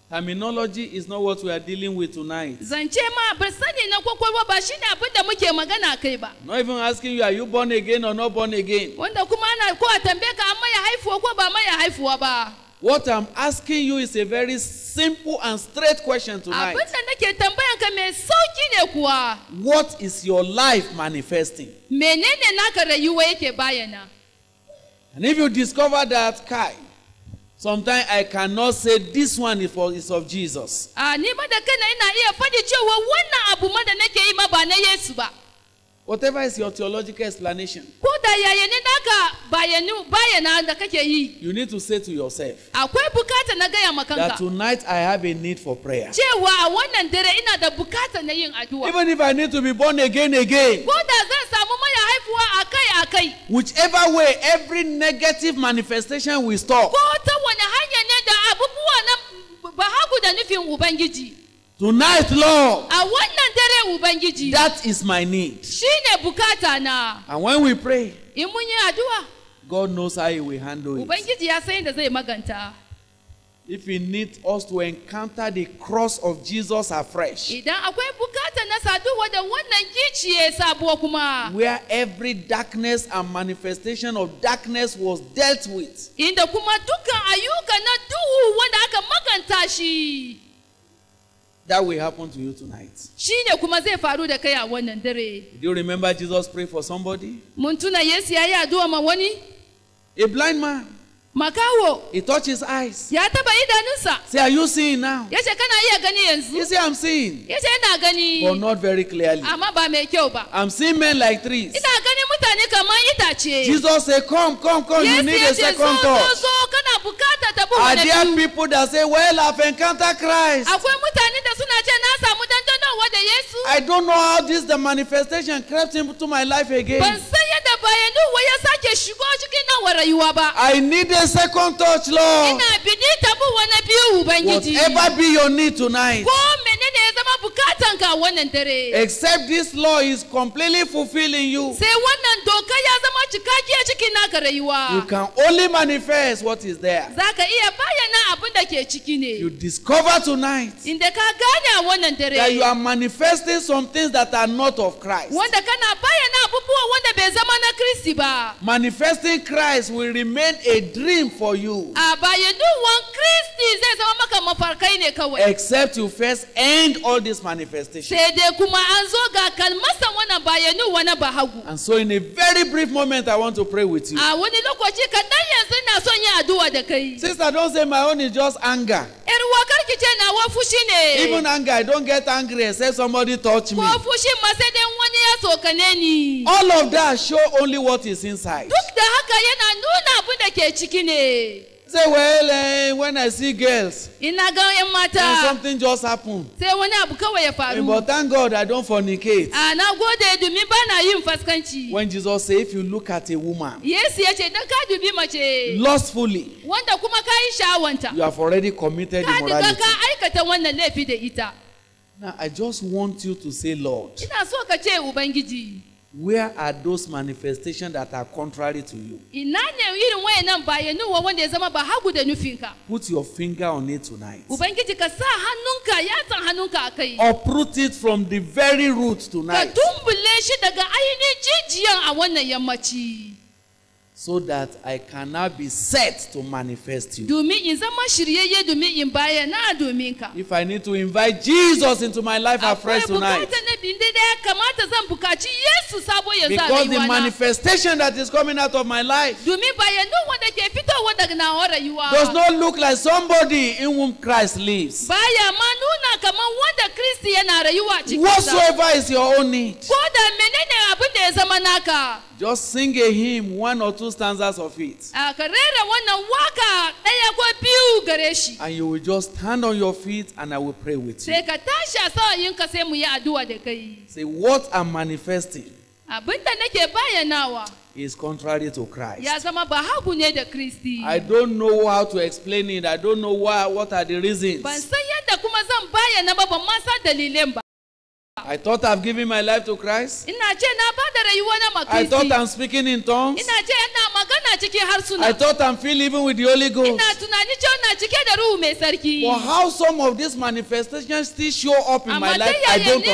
Terminology is not what we are dealing with tonight. Zance ma bar sani na kwakwalwa ba shine abin da muke magana kai ba. Not even asking you are you born again or not born again. Wanda kuma ana ko a tambaye ka an maya haifuwa ko ba maya haifuwa ba. What I'm asking you is a very simple and straight question tonight. Abin da nake tambayanka mai sauki ne kuwa. What is your life manifesting? Menene naka rayuwa yake bayana? And if you discover that kai sometimes I cannot say this one is, for, is of Jesus. A ni ma da kaina ina iya faɗi cewa wannan abu ma da nake yi ma ba na Yesu Whatever is your theological explanation. Ko da yaya ne naka bayanu bayana da kake yi. You need to say to yourself. Akwai bukata na gaya ma kanka. That tonight I have a need for prayer. Cewa a wannan dare ina da bukata na yin addu'a. Even if I need to be born again again. Ko da zan samu maya haifuwa akai akai. Whichever way every negative manifestation will stop. Ko ta wani hanya ne da abubuwa na ba da nufin Ubangiji. Tonight, Lord. A wannan dare Ubangiji. That is my need. Shi ne bukata na. And when we pray. In mun yi addu'a. God knows how he will handle it. Ubangiji ya san yadda zai maganta. If he needs us to encounter the cross of Jesus afresh. Idan akwai bukata na saduwa da wannan giciye sabuwa kuma. Where every darkness and manifestation of darkness was dealt with. Inda kuma dukkan ayyuka na duhu wanda aka maganta shi. That will happen to you tonight. ne kuma zai faru da kai a wannan dare. Do you remember Jesus pray for somebody? Mun tuna Yesu yayi addu'a ma wani? A blind man. makawo. He touched his eyes. Ya taba idanunsa. Say, are you seeing now? Ya ce kana iya gani yanzu. He say, I'm seeing. Ya ce ina gani. But not very clearly. Amma ba mai kyau ba. I'm seeing men like trees. Ina ganin mutane kamar itace. Jesus say, come, come, come, yes, you need yes, a second thought. Yesu ya ce, zo, zo, bukata ta bu wani Are there people that say, well, I've encountered Christ. Akwai mutane da suna ce na samu dandanowa da Yesu. I don't know how this the manifestation crept into my life again. Ban san I needed a second touch, Lord. Whatever be your need tonight. Except this law is completely fulfilling you. You can only manifest what is there. You discover tonight that you are manifesting some things that are not of Christ. Manifesting Christ will remain a dream cream for you. Àbàyè do one Kristi zai zama maka mafarkai ne kawai. Except you first end all this manifestation. Sai dai kuma an zo ga kalmasan wannan bayanu wani bahagu. And so in a very brief moment I want to pray with you. A wani lokaci kaɗan yanzu na son yin addu'a da kai. Sister don't say my own is just anger. Yar wakar ki ce nawa fushi ne. Even anger I don't get angry except somebody touch me. Ko fushin ma sai dai wani ya tsokane ni. All of that show only what is inside. Duk da haka yana ne. say well eh, when i see girls. ina gan ye mata. and something just happen. say wani abu kawai ya faru. Eh, but thank God I don't fornicate. a ah, na gode domin ba na yin when Jesus say if you look at a woman. Yesu ya ce don ka dubi mace. lustfully. wanda kuma ka yi sha'awanta. you have already committed immorality. ka riga ka aikata wannan laifi da ita. now I just want you to say Lord. ina so ka where are those manifestations that are contrary to you? Ina ne irin wayannan bayanuwa wanda ya zama ba hagu da nufinka. Put your finger on it tonight. Ubangiji ka sa hannunka yatsan hannunka a kai. Uproot it from the very root tonight. Ka tumbule shi daga ainihin jijiyan a wannan yammaci. so that I can now be set to manifest you. Domin in zama shiryayye domin in bayyana domin If I need to invite Jesus into my life afresh tonight. Akwai bukatar na dindin da ya kamata zan bukaci Yesu sabo ya sa Because the manifestation that is coming out of my life. Domin bayyanu wanda ke fi does not look like somebody in whom Christ lives. Whatsoever is your own need. Just sing a hymn, one or two stanzas of it. Ah, and you will just stand on your feet and I will pray with you. Say, what I'm manifesting. abinda nake bayyanawa is contrary to Christ. Ya zama ba hagu ne da Kristi. I don't know how to explain it. I don't know why, what are the reasons. Ban san yadda kuma zan bayyana ba ban san dalilin ba. I thought I've given my life to Christ. Ina ce I thought I'm speaking in tongues. Ina ce I thought I'm filled even with the Holy Ghost. But how some of these manifestations still show up in my life, I don't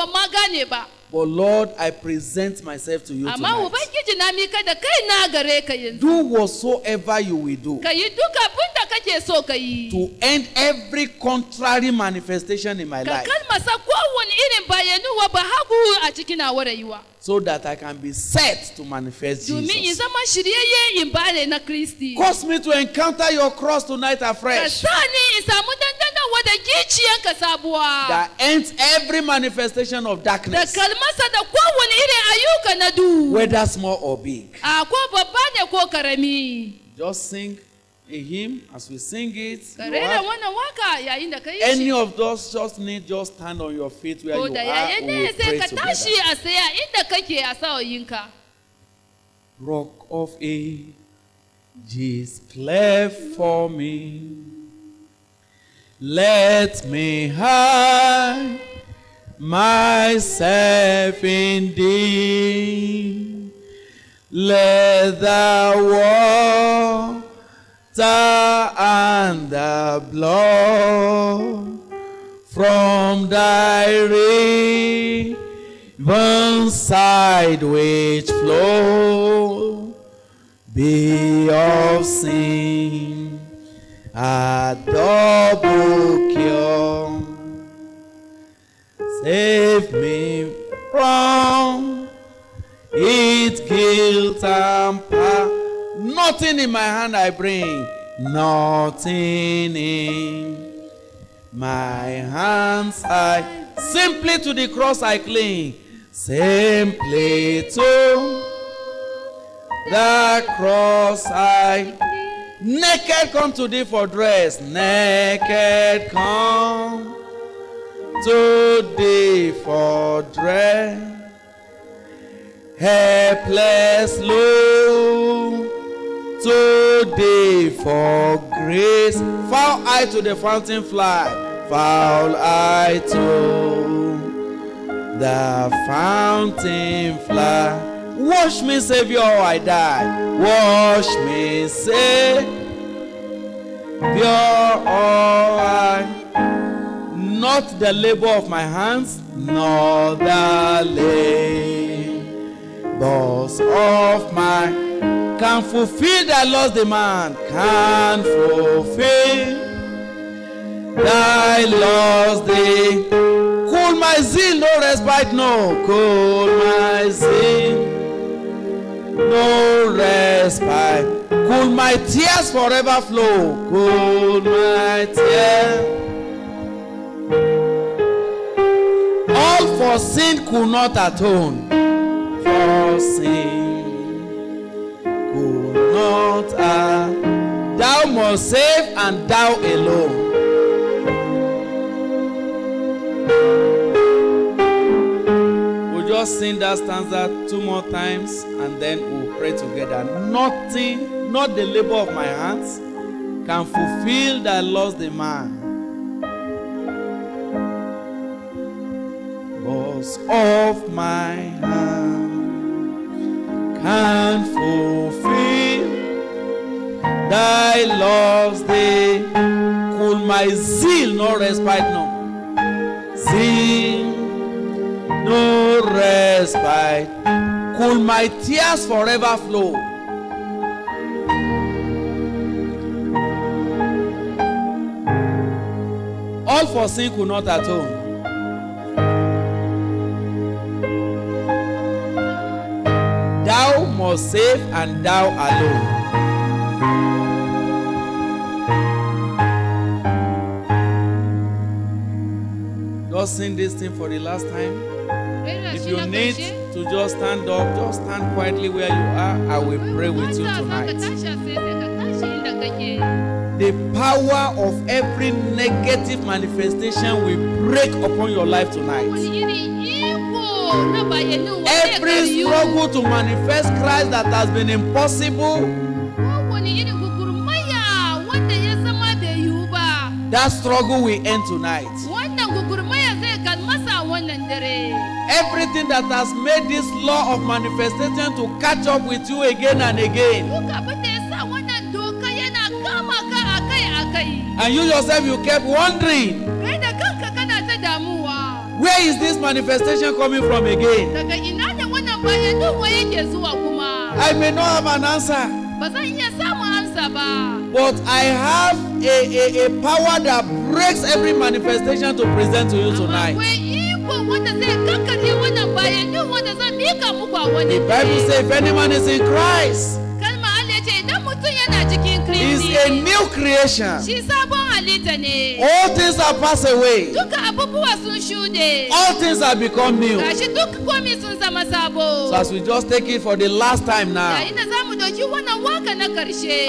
understand. But Lord, I present myself to you Amma Ubangiji na mika da kaina gare ka yanzu. Do whatsoever you will do. Ka yi duk abin so ka To end every contrary manifestation in my life. Ka kalmasa kowane irin bayanuwa ba hagu a cikin rayuwa so that I can be set to manifest Jesus. Cause me to encounter your cross tonight afresh. That ends every manifestation of darkness. Whether small or big. Just sing a hymn as we sing it. Any of those just need just stand on your feet where you are. We pray a Rock of ages, cleft for me. Let me hide myself in thee. Let thou walk and the blood from thy riven side which flow be of sin a double cure save me from its guilt and power Nothing in my hand I bring. Nothing in my hands I. Simply to the cross I cling. Simply to the cross I. Naked come to thee for dress. Naked come to thee for dress. Helpless, low. today for grace. Foul I to the fountain fly, foul I to the fountain fly. Wash me, Savior, I die. Wash me, Savior, or I. Not the labor of my hands, nor the those of my can fulfill thy lost demand, can fulfill thy lost day. Cool my zeal, no respite, no. Cool my zeal, no respite. Cool my tears forever flow. Cool my tears. All for sin could not atone for sin. not I. Thou must save and thou alone. We'll just sing that stanza two more times and then we'll pray together. Nothing, not the labor of my hands, can fulfill thy lost demand. Because of my hands. can fulfill thy love's day. Could my zeal no respite no? Zeal no respite. Could my tears forever flow? All for sin could not atone. Thou must save and thou alone. just sing this thing for the last time. If you need to just stand up, just stand quietly where you are. I will oh, pray with you tonight. The power of every negative manifestation will break upon your life tonight. Every struggle to manifest Christ that has been impossible. That struggle will end tonight. Everything that has made this law of manifestation to catch up with you again and again. And you yourself, you kept wondering where is this manifestation coming from again? I may not have an answer. But I have a, a, a power that breaks every manifestation to present to you tonight. The Bible says if anyone is in Christ a new creation. Shi sabon All things are passed away. Duka abubuwa sun shuɗe. All things are become new. Gashi duk komai sun zama So as we just take it for the last time now. Yayin da za mu ɗauki wannan waka na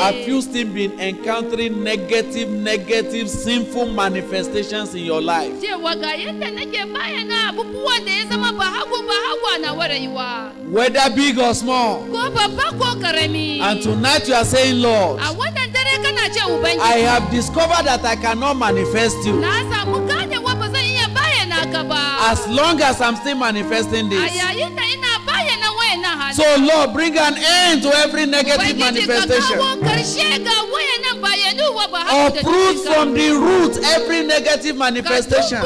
Have you still been encountering negative negative sinful manifestations in your life? Cewa ga yadda nake bayyana abubuwan da ya zama ba hagu ba hagu na warayuwa. Whether big or small. Ko babba ko ƙarami. And tonight you are saying Lord. A wannan I have discovered that I cannot manifest you. As long as I'm still manifesting this. So, Lord, bring an end to every negative manifestation. Uproot from the root every negative manifestation.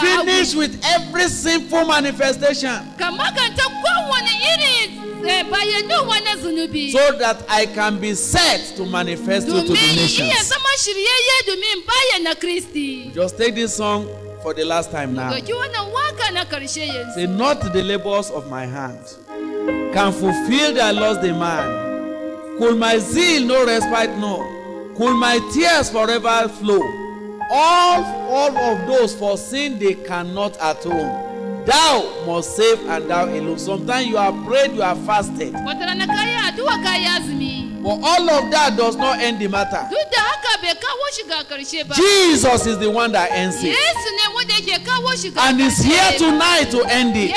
Finish with every sinful manifestation. Eh, so that I can be set to manifest you to the nations. Just take this song for the last time now. Say, not the labors of my hand can fulfill their lost demand. Could my zeal no respite know? Could my tears forever flow? All, all of those for sin they cannot atone thou must save and thou alone. Sometimes you are prayed, you are fasted. But all of that does not end the matter. Jesus is the one that ends it. And is here tonight to end it.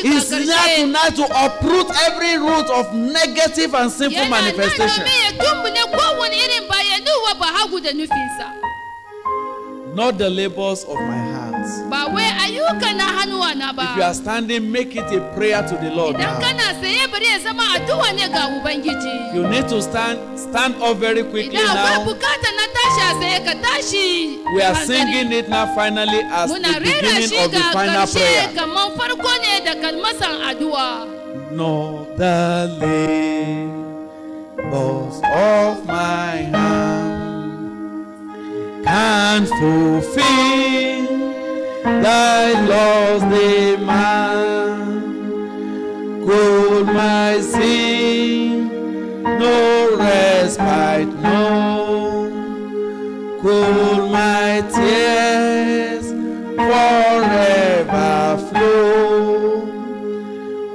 He is here tonight to uproot every root of negative and sinful manifestation. Not the labors of my heart. If you are standing, make it a prayer to the Lord. Now. You need to stand, stand up very quickly now. We are singing it now finally as the beginning of the final prayer. No, the of my hand fulfill thy laws demand. Could my sin no respite know? Could my tears forever flow?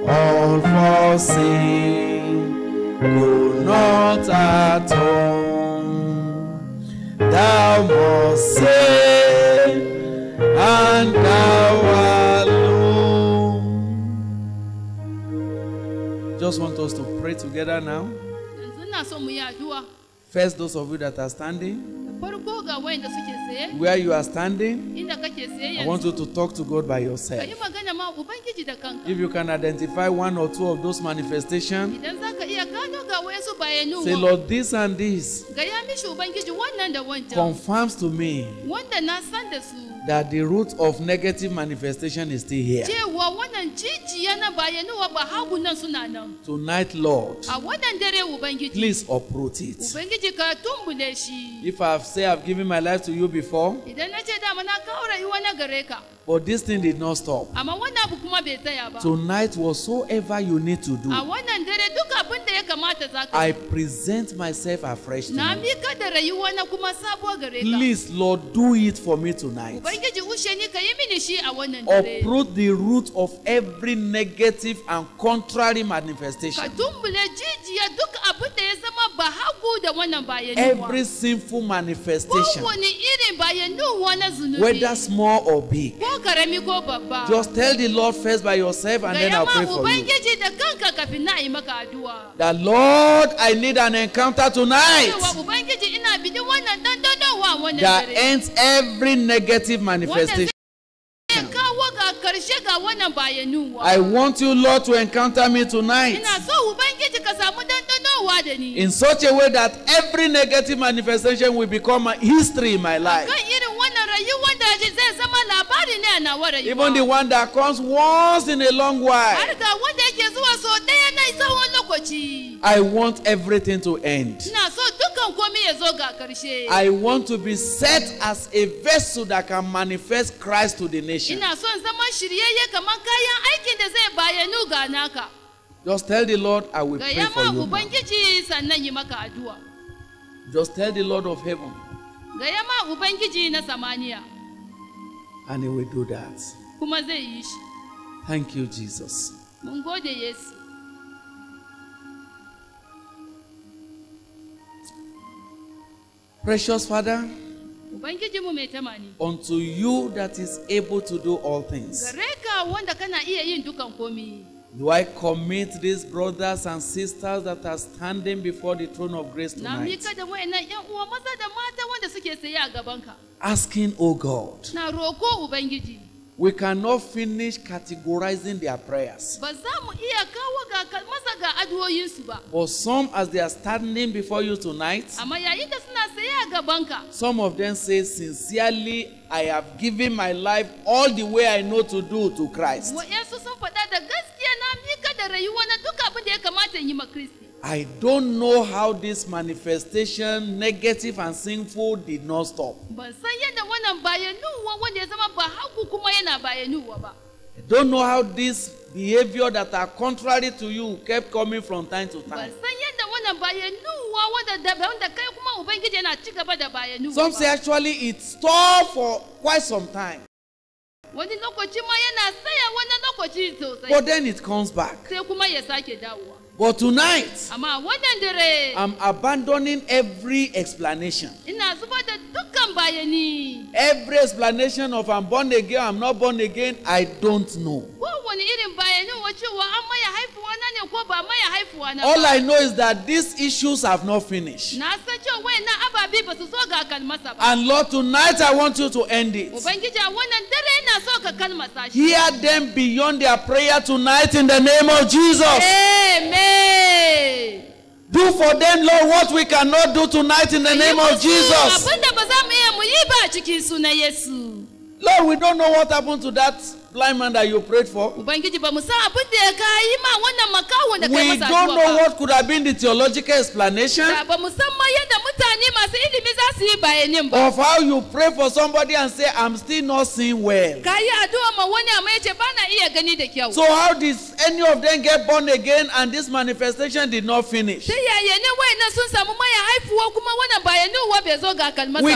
All for sin could not atone. Thou must save and thou alone. Just want us to pray together now. First, those of you that are standing. Where you are standing, I want you to talk to God by yourself. If you can identify one or two of those manifestations, say, Lord, this and this confirms to me that the root of negative manifestation is still here. Tonight, Lord, please uproot it. If I have said I've given my life to you before, but this thing did not stop. Tonight, whatsoever you need to do, I present myself afresh to you. Please, Lord, do it for me tonight. Uproot the root of every negative and contrary manifestation every sinful manifestation, whether small or big. Just tell the Lord first by yourself and then I'll pray for you. The Lord, I need an encounter tonight that ends every negative manifestation. I want you, Lord, to encounter me tonight. In such a way that every negative manifestation will become a history in my life. Even the one that comes once in a long while. I want everything to end. I want to be set as a vessel that can manifest Christ to the nation. shiryayye kamar kayan aikin da zai bayanu ga naka. Just tell the Lord I will pray for you. Ubangiji yi maka addu'a. Just tell the Lord of heaven. And he will do that. Thank you Jesus. Yesu. Precious Father. Ubangijinmu mai tamani. Unto you that is able to do all things. Gare ka wanda kana iya yin dukan komi. Do I commit these brothers and sisters that are standing before the throne of grace tonight? Asking, O oh God, we cannot finish categorizing their prayers. But some, as they are standing before you tonight, some of them say, Sincerely, I have given my life all the way I know to do to Christ. I don't know how this manifestation, negative and sinful, did not stop. kuma I don't know how this behavior that are contrary to you kept coming from time to time. kai kuma Ubangiji yana ci gaba da Some say actually it stopped for quite some time. Wani ma yana tsaya wani lokaci sosai. But then it comes back. Sai kuma ya sake dawowa. But tonight, I'm abandoning every explanation. Every explanation of I'm born again, I'm not born again, I don't know. All I know is that these issues have not finished. And Lord, tonight I want you to end it. Hear them beyond their prayer tonight in the name of Jesus. Amen. Do for them, Lord, what we cannot do tonight in the name of Jesus. Lord, we don't know what happened to that blind man that you prayed for. We don't know what could have been the theological explanation of how you pray for somebody and say, I'm still not seeing well. So, how did any of them get born again and this manifestation did not finish? We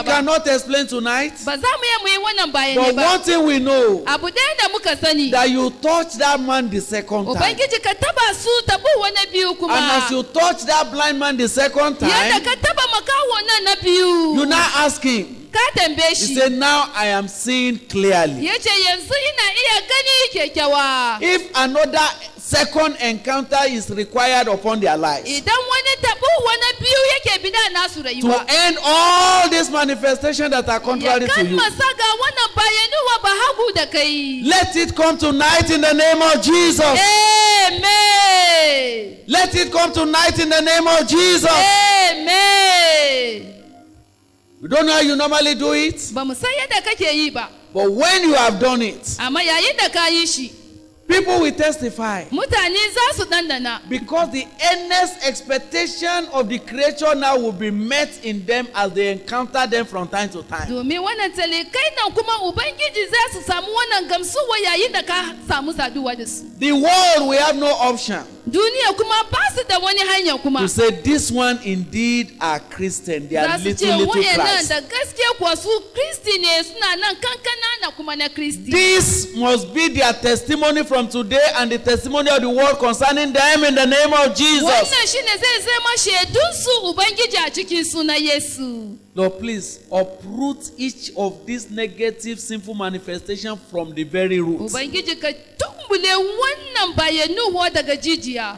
cannot explain tonight. But one thing we know da muka sani. That you touch that man the second time. Ubangiji ka taba su tabuwa biyu kuma. And as you touch that blind man the second time. Yadda ka taba makawo nan na biyu. You now ask him. ka tambaye shi. He said, Now I am seeing clearly. Ya yanzu ina iya gani kyakkyawa. If another second encounter is required upon their lives. Idan wani tabu wani biyu yake bida nasu rayuwa. To end all these manifestations that are contrary to you. Ya kalma ga wannan bayanuwa ba hagu da kai. Let it come tonight in the name of Jesus. Amen. Let it come tonight in the name of Jesus. Amen. We don't know how you normally do it. Ba mu san yadda kake yi ba. But when you have done it. Amma yayin da ka yi shi. People will testify. Mutane za su dandana. Because the earnest expectation of the creature now will be met in them as they encounter them from time to time. Domin wannan talikai nan kuma Ubangiji za su samu wannan gamsuwa yayin da ka samu saduwa da su. The world will have no option. Duniya kuma ba su da wani hanya kuma. To say this one indeed are Christian, they are little little Christ. da gaske kuwa su Kristi ne suna nan kankana na kuma na Kristi. This must be their testimony from from today and the testimony of the world concerning them in the name of Jesus. Wannan shine zai zama shaidun su Ubangiji a cikin sunan Yesu. Lord, please uproot each of these negative sinful manifestations from the very root. Ubangiji ka tumbule wannan bayanuwa daga jijiya.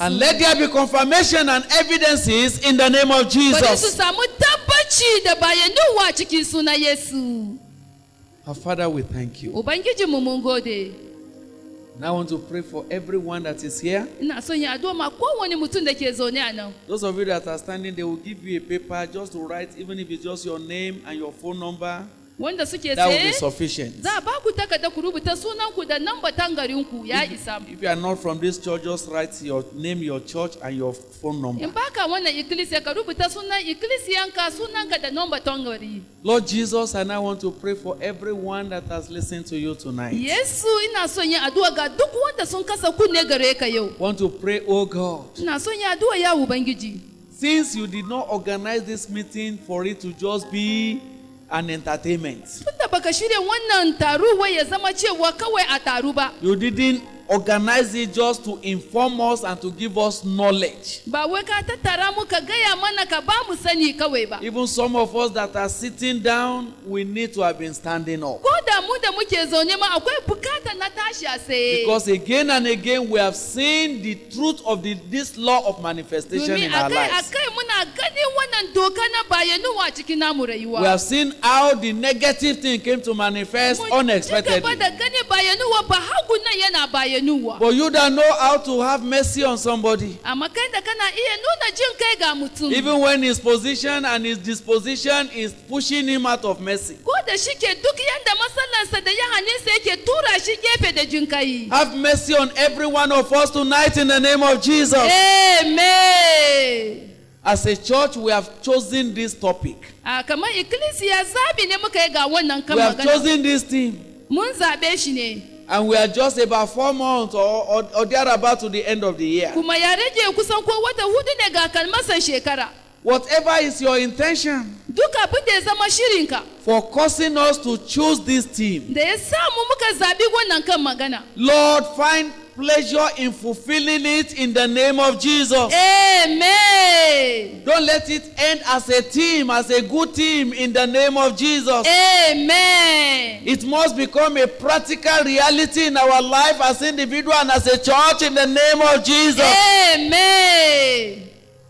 And let there be confirmation and evidences in the name of Jesus. Our Father, we thank you. Now I want to pray for everyone that is here. Those of you that are standing, they will give you a paper just to write, even if it's just your name and your phone number wanda suke tsaye za ba ku takarda ku rubuta sunanku da nan batan ya isa if you are not from this church just write your name your church and your phone number in baka wannan ka rubuta sunan da Lord Jesus and I want to pray for everyone that has listened to you tonight Yesu ina son yin addu'a ga duk wanda sun kasa kunne gare ka yau want to pray oh God ina son yin addu'a ya ubangiji Since you did not organize this meeting for it to just be an entertainment. Tunda baka shirya wannan taro wai ya zama cewa kawai a taru ba. You didn't organize it just to inform us and to give us knowledge. Ba wai ka tattara mu ka gaya mana ka ba mu sani kawai ba. Even some of us that are sitting down, we need to have been standing up. Ko da mu da muke zaune ma akwai bukatar na tashi Because again and again we have seen the truth of the, this law of manifestation in our lives. Domin akai akai muna ganin wannan doka na bayanuwa cikin namu rayuwa. We have seen how the negative thing came to manifest unexpectedly. Mun ci gaba da ganin bayanuwa ba hagu nan yana bayanu. nuwa. But you don't know how to have mercy on somebody. Amma kai da kana iya nuna jin kai ga mutum. Even when his position and his disposition is pushing him out of mercy. Ko da shike duk yadda masallansa da yahaninsa yake tura shi gefe da jin kai. Have mercy on every one of us tonight in the name of Jesus. Amen. As a church, we have chosen this topic. Kamar ikkilisiya ne muka yi ga wannan kan magana. We have chosen this theme. Mun zaɓe shi ne. And we are just about four months or, or, or about to the end of the year. Kuma ya kusan ko wata hudu ne ga kalmasan shekara. Whatever is your intention. duka abin da ya zama shirinka. For causing us to choose this team. Da ya sa mu muka zabi wannan kan magana. Lord find pleasure in fulfilling it in the name of Jesus. Amen. Don't let it end as a team, as a good team in the name of Jesus. Amen. It must become a practical reality in our life as individual and as a church in the name of Jesus. Amen.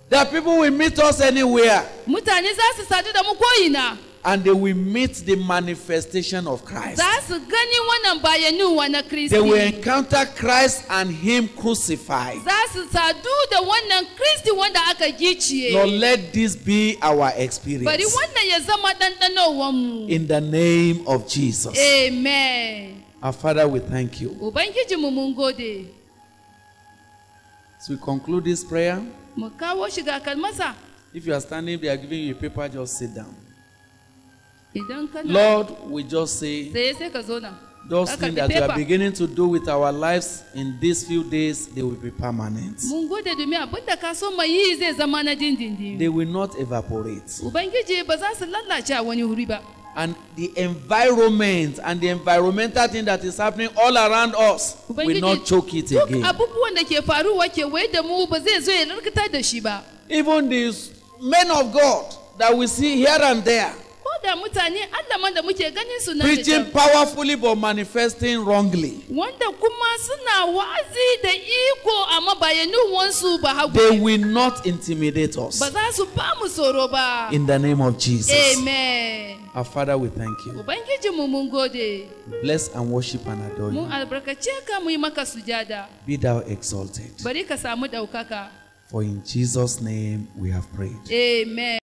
That people will meet us anywhere. Mutane za sadu da mu and they will meet the manifestation of Christ. They will encounter Christ and Him crucified. Lord, let this be our experience. In the name of Jesus. Amen. Our Father, we thank you. As we conclude this prayer. If you are standing, they are giving you a paper, just sit down. Lord, we just say, those things that we are beginning to do with our lives in these few days, they will be permanent. They will not evaporate. And the environment and the environmental thing that is happening all around us will not choke it again. Even these men of God that we see here and there preaching powerfully but manifesting wrongly they will not intimidate us in the name of Jesus amen our father we thank you bless and worship and adore you be thou exalted for in Jesus name we have prayed amen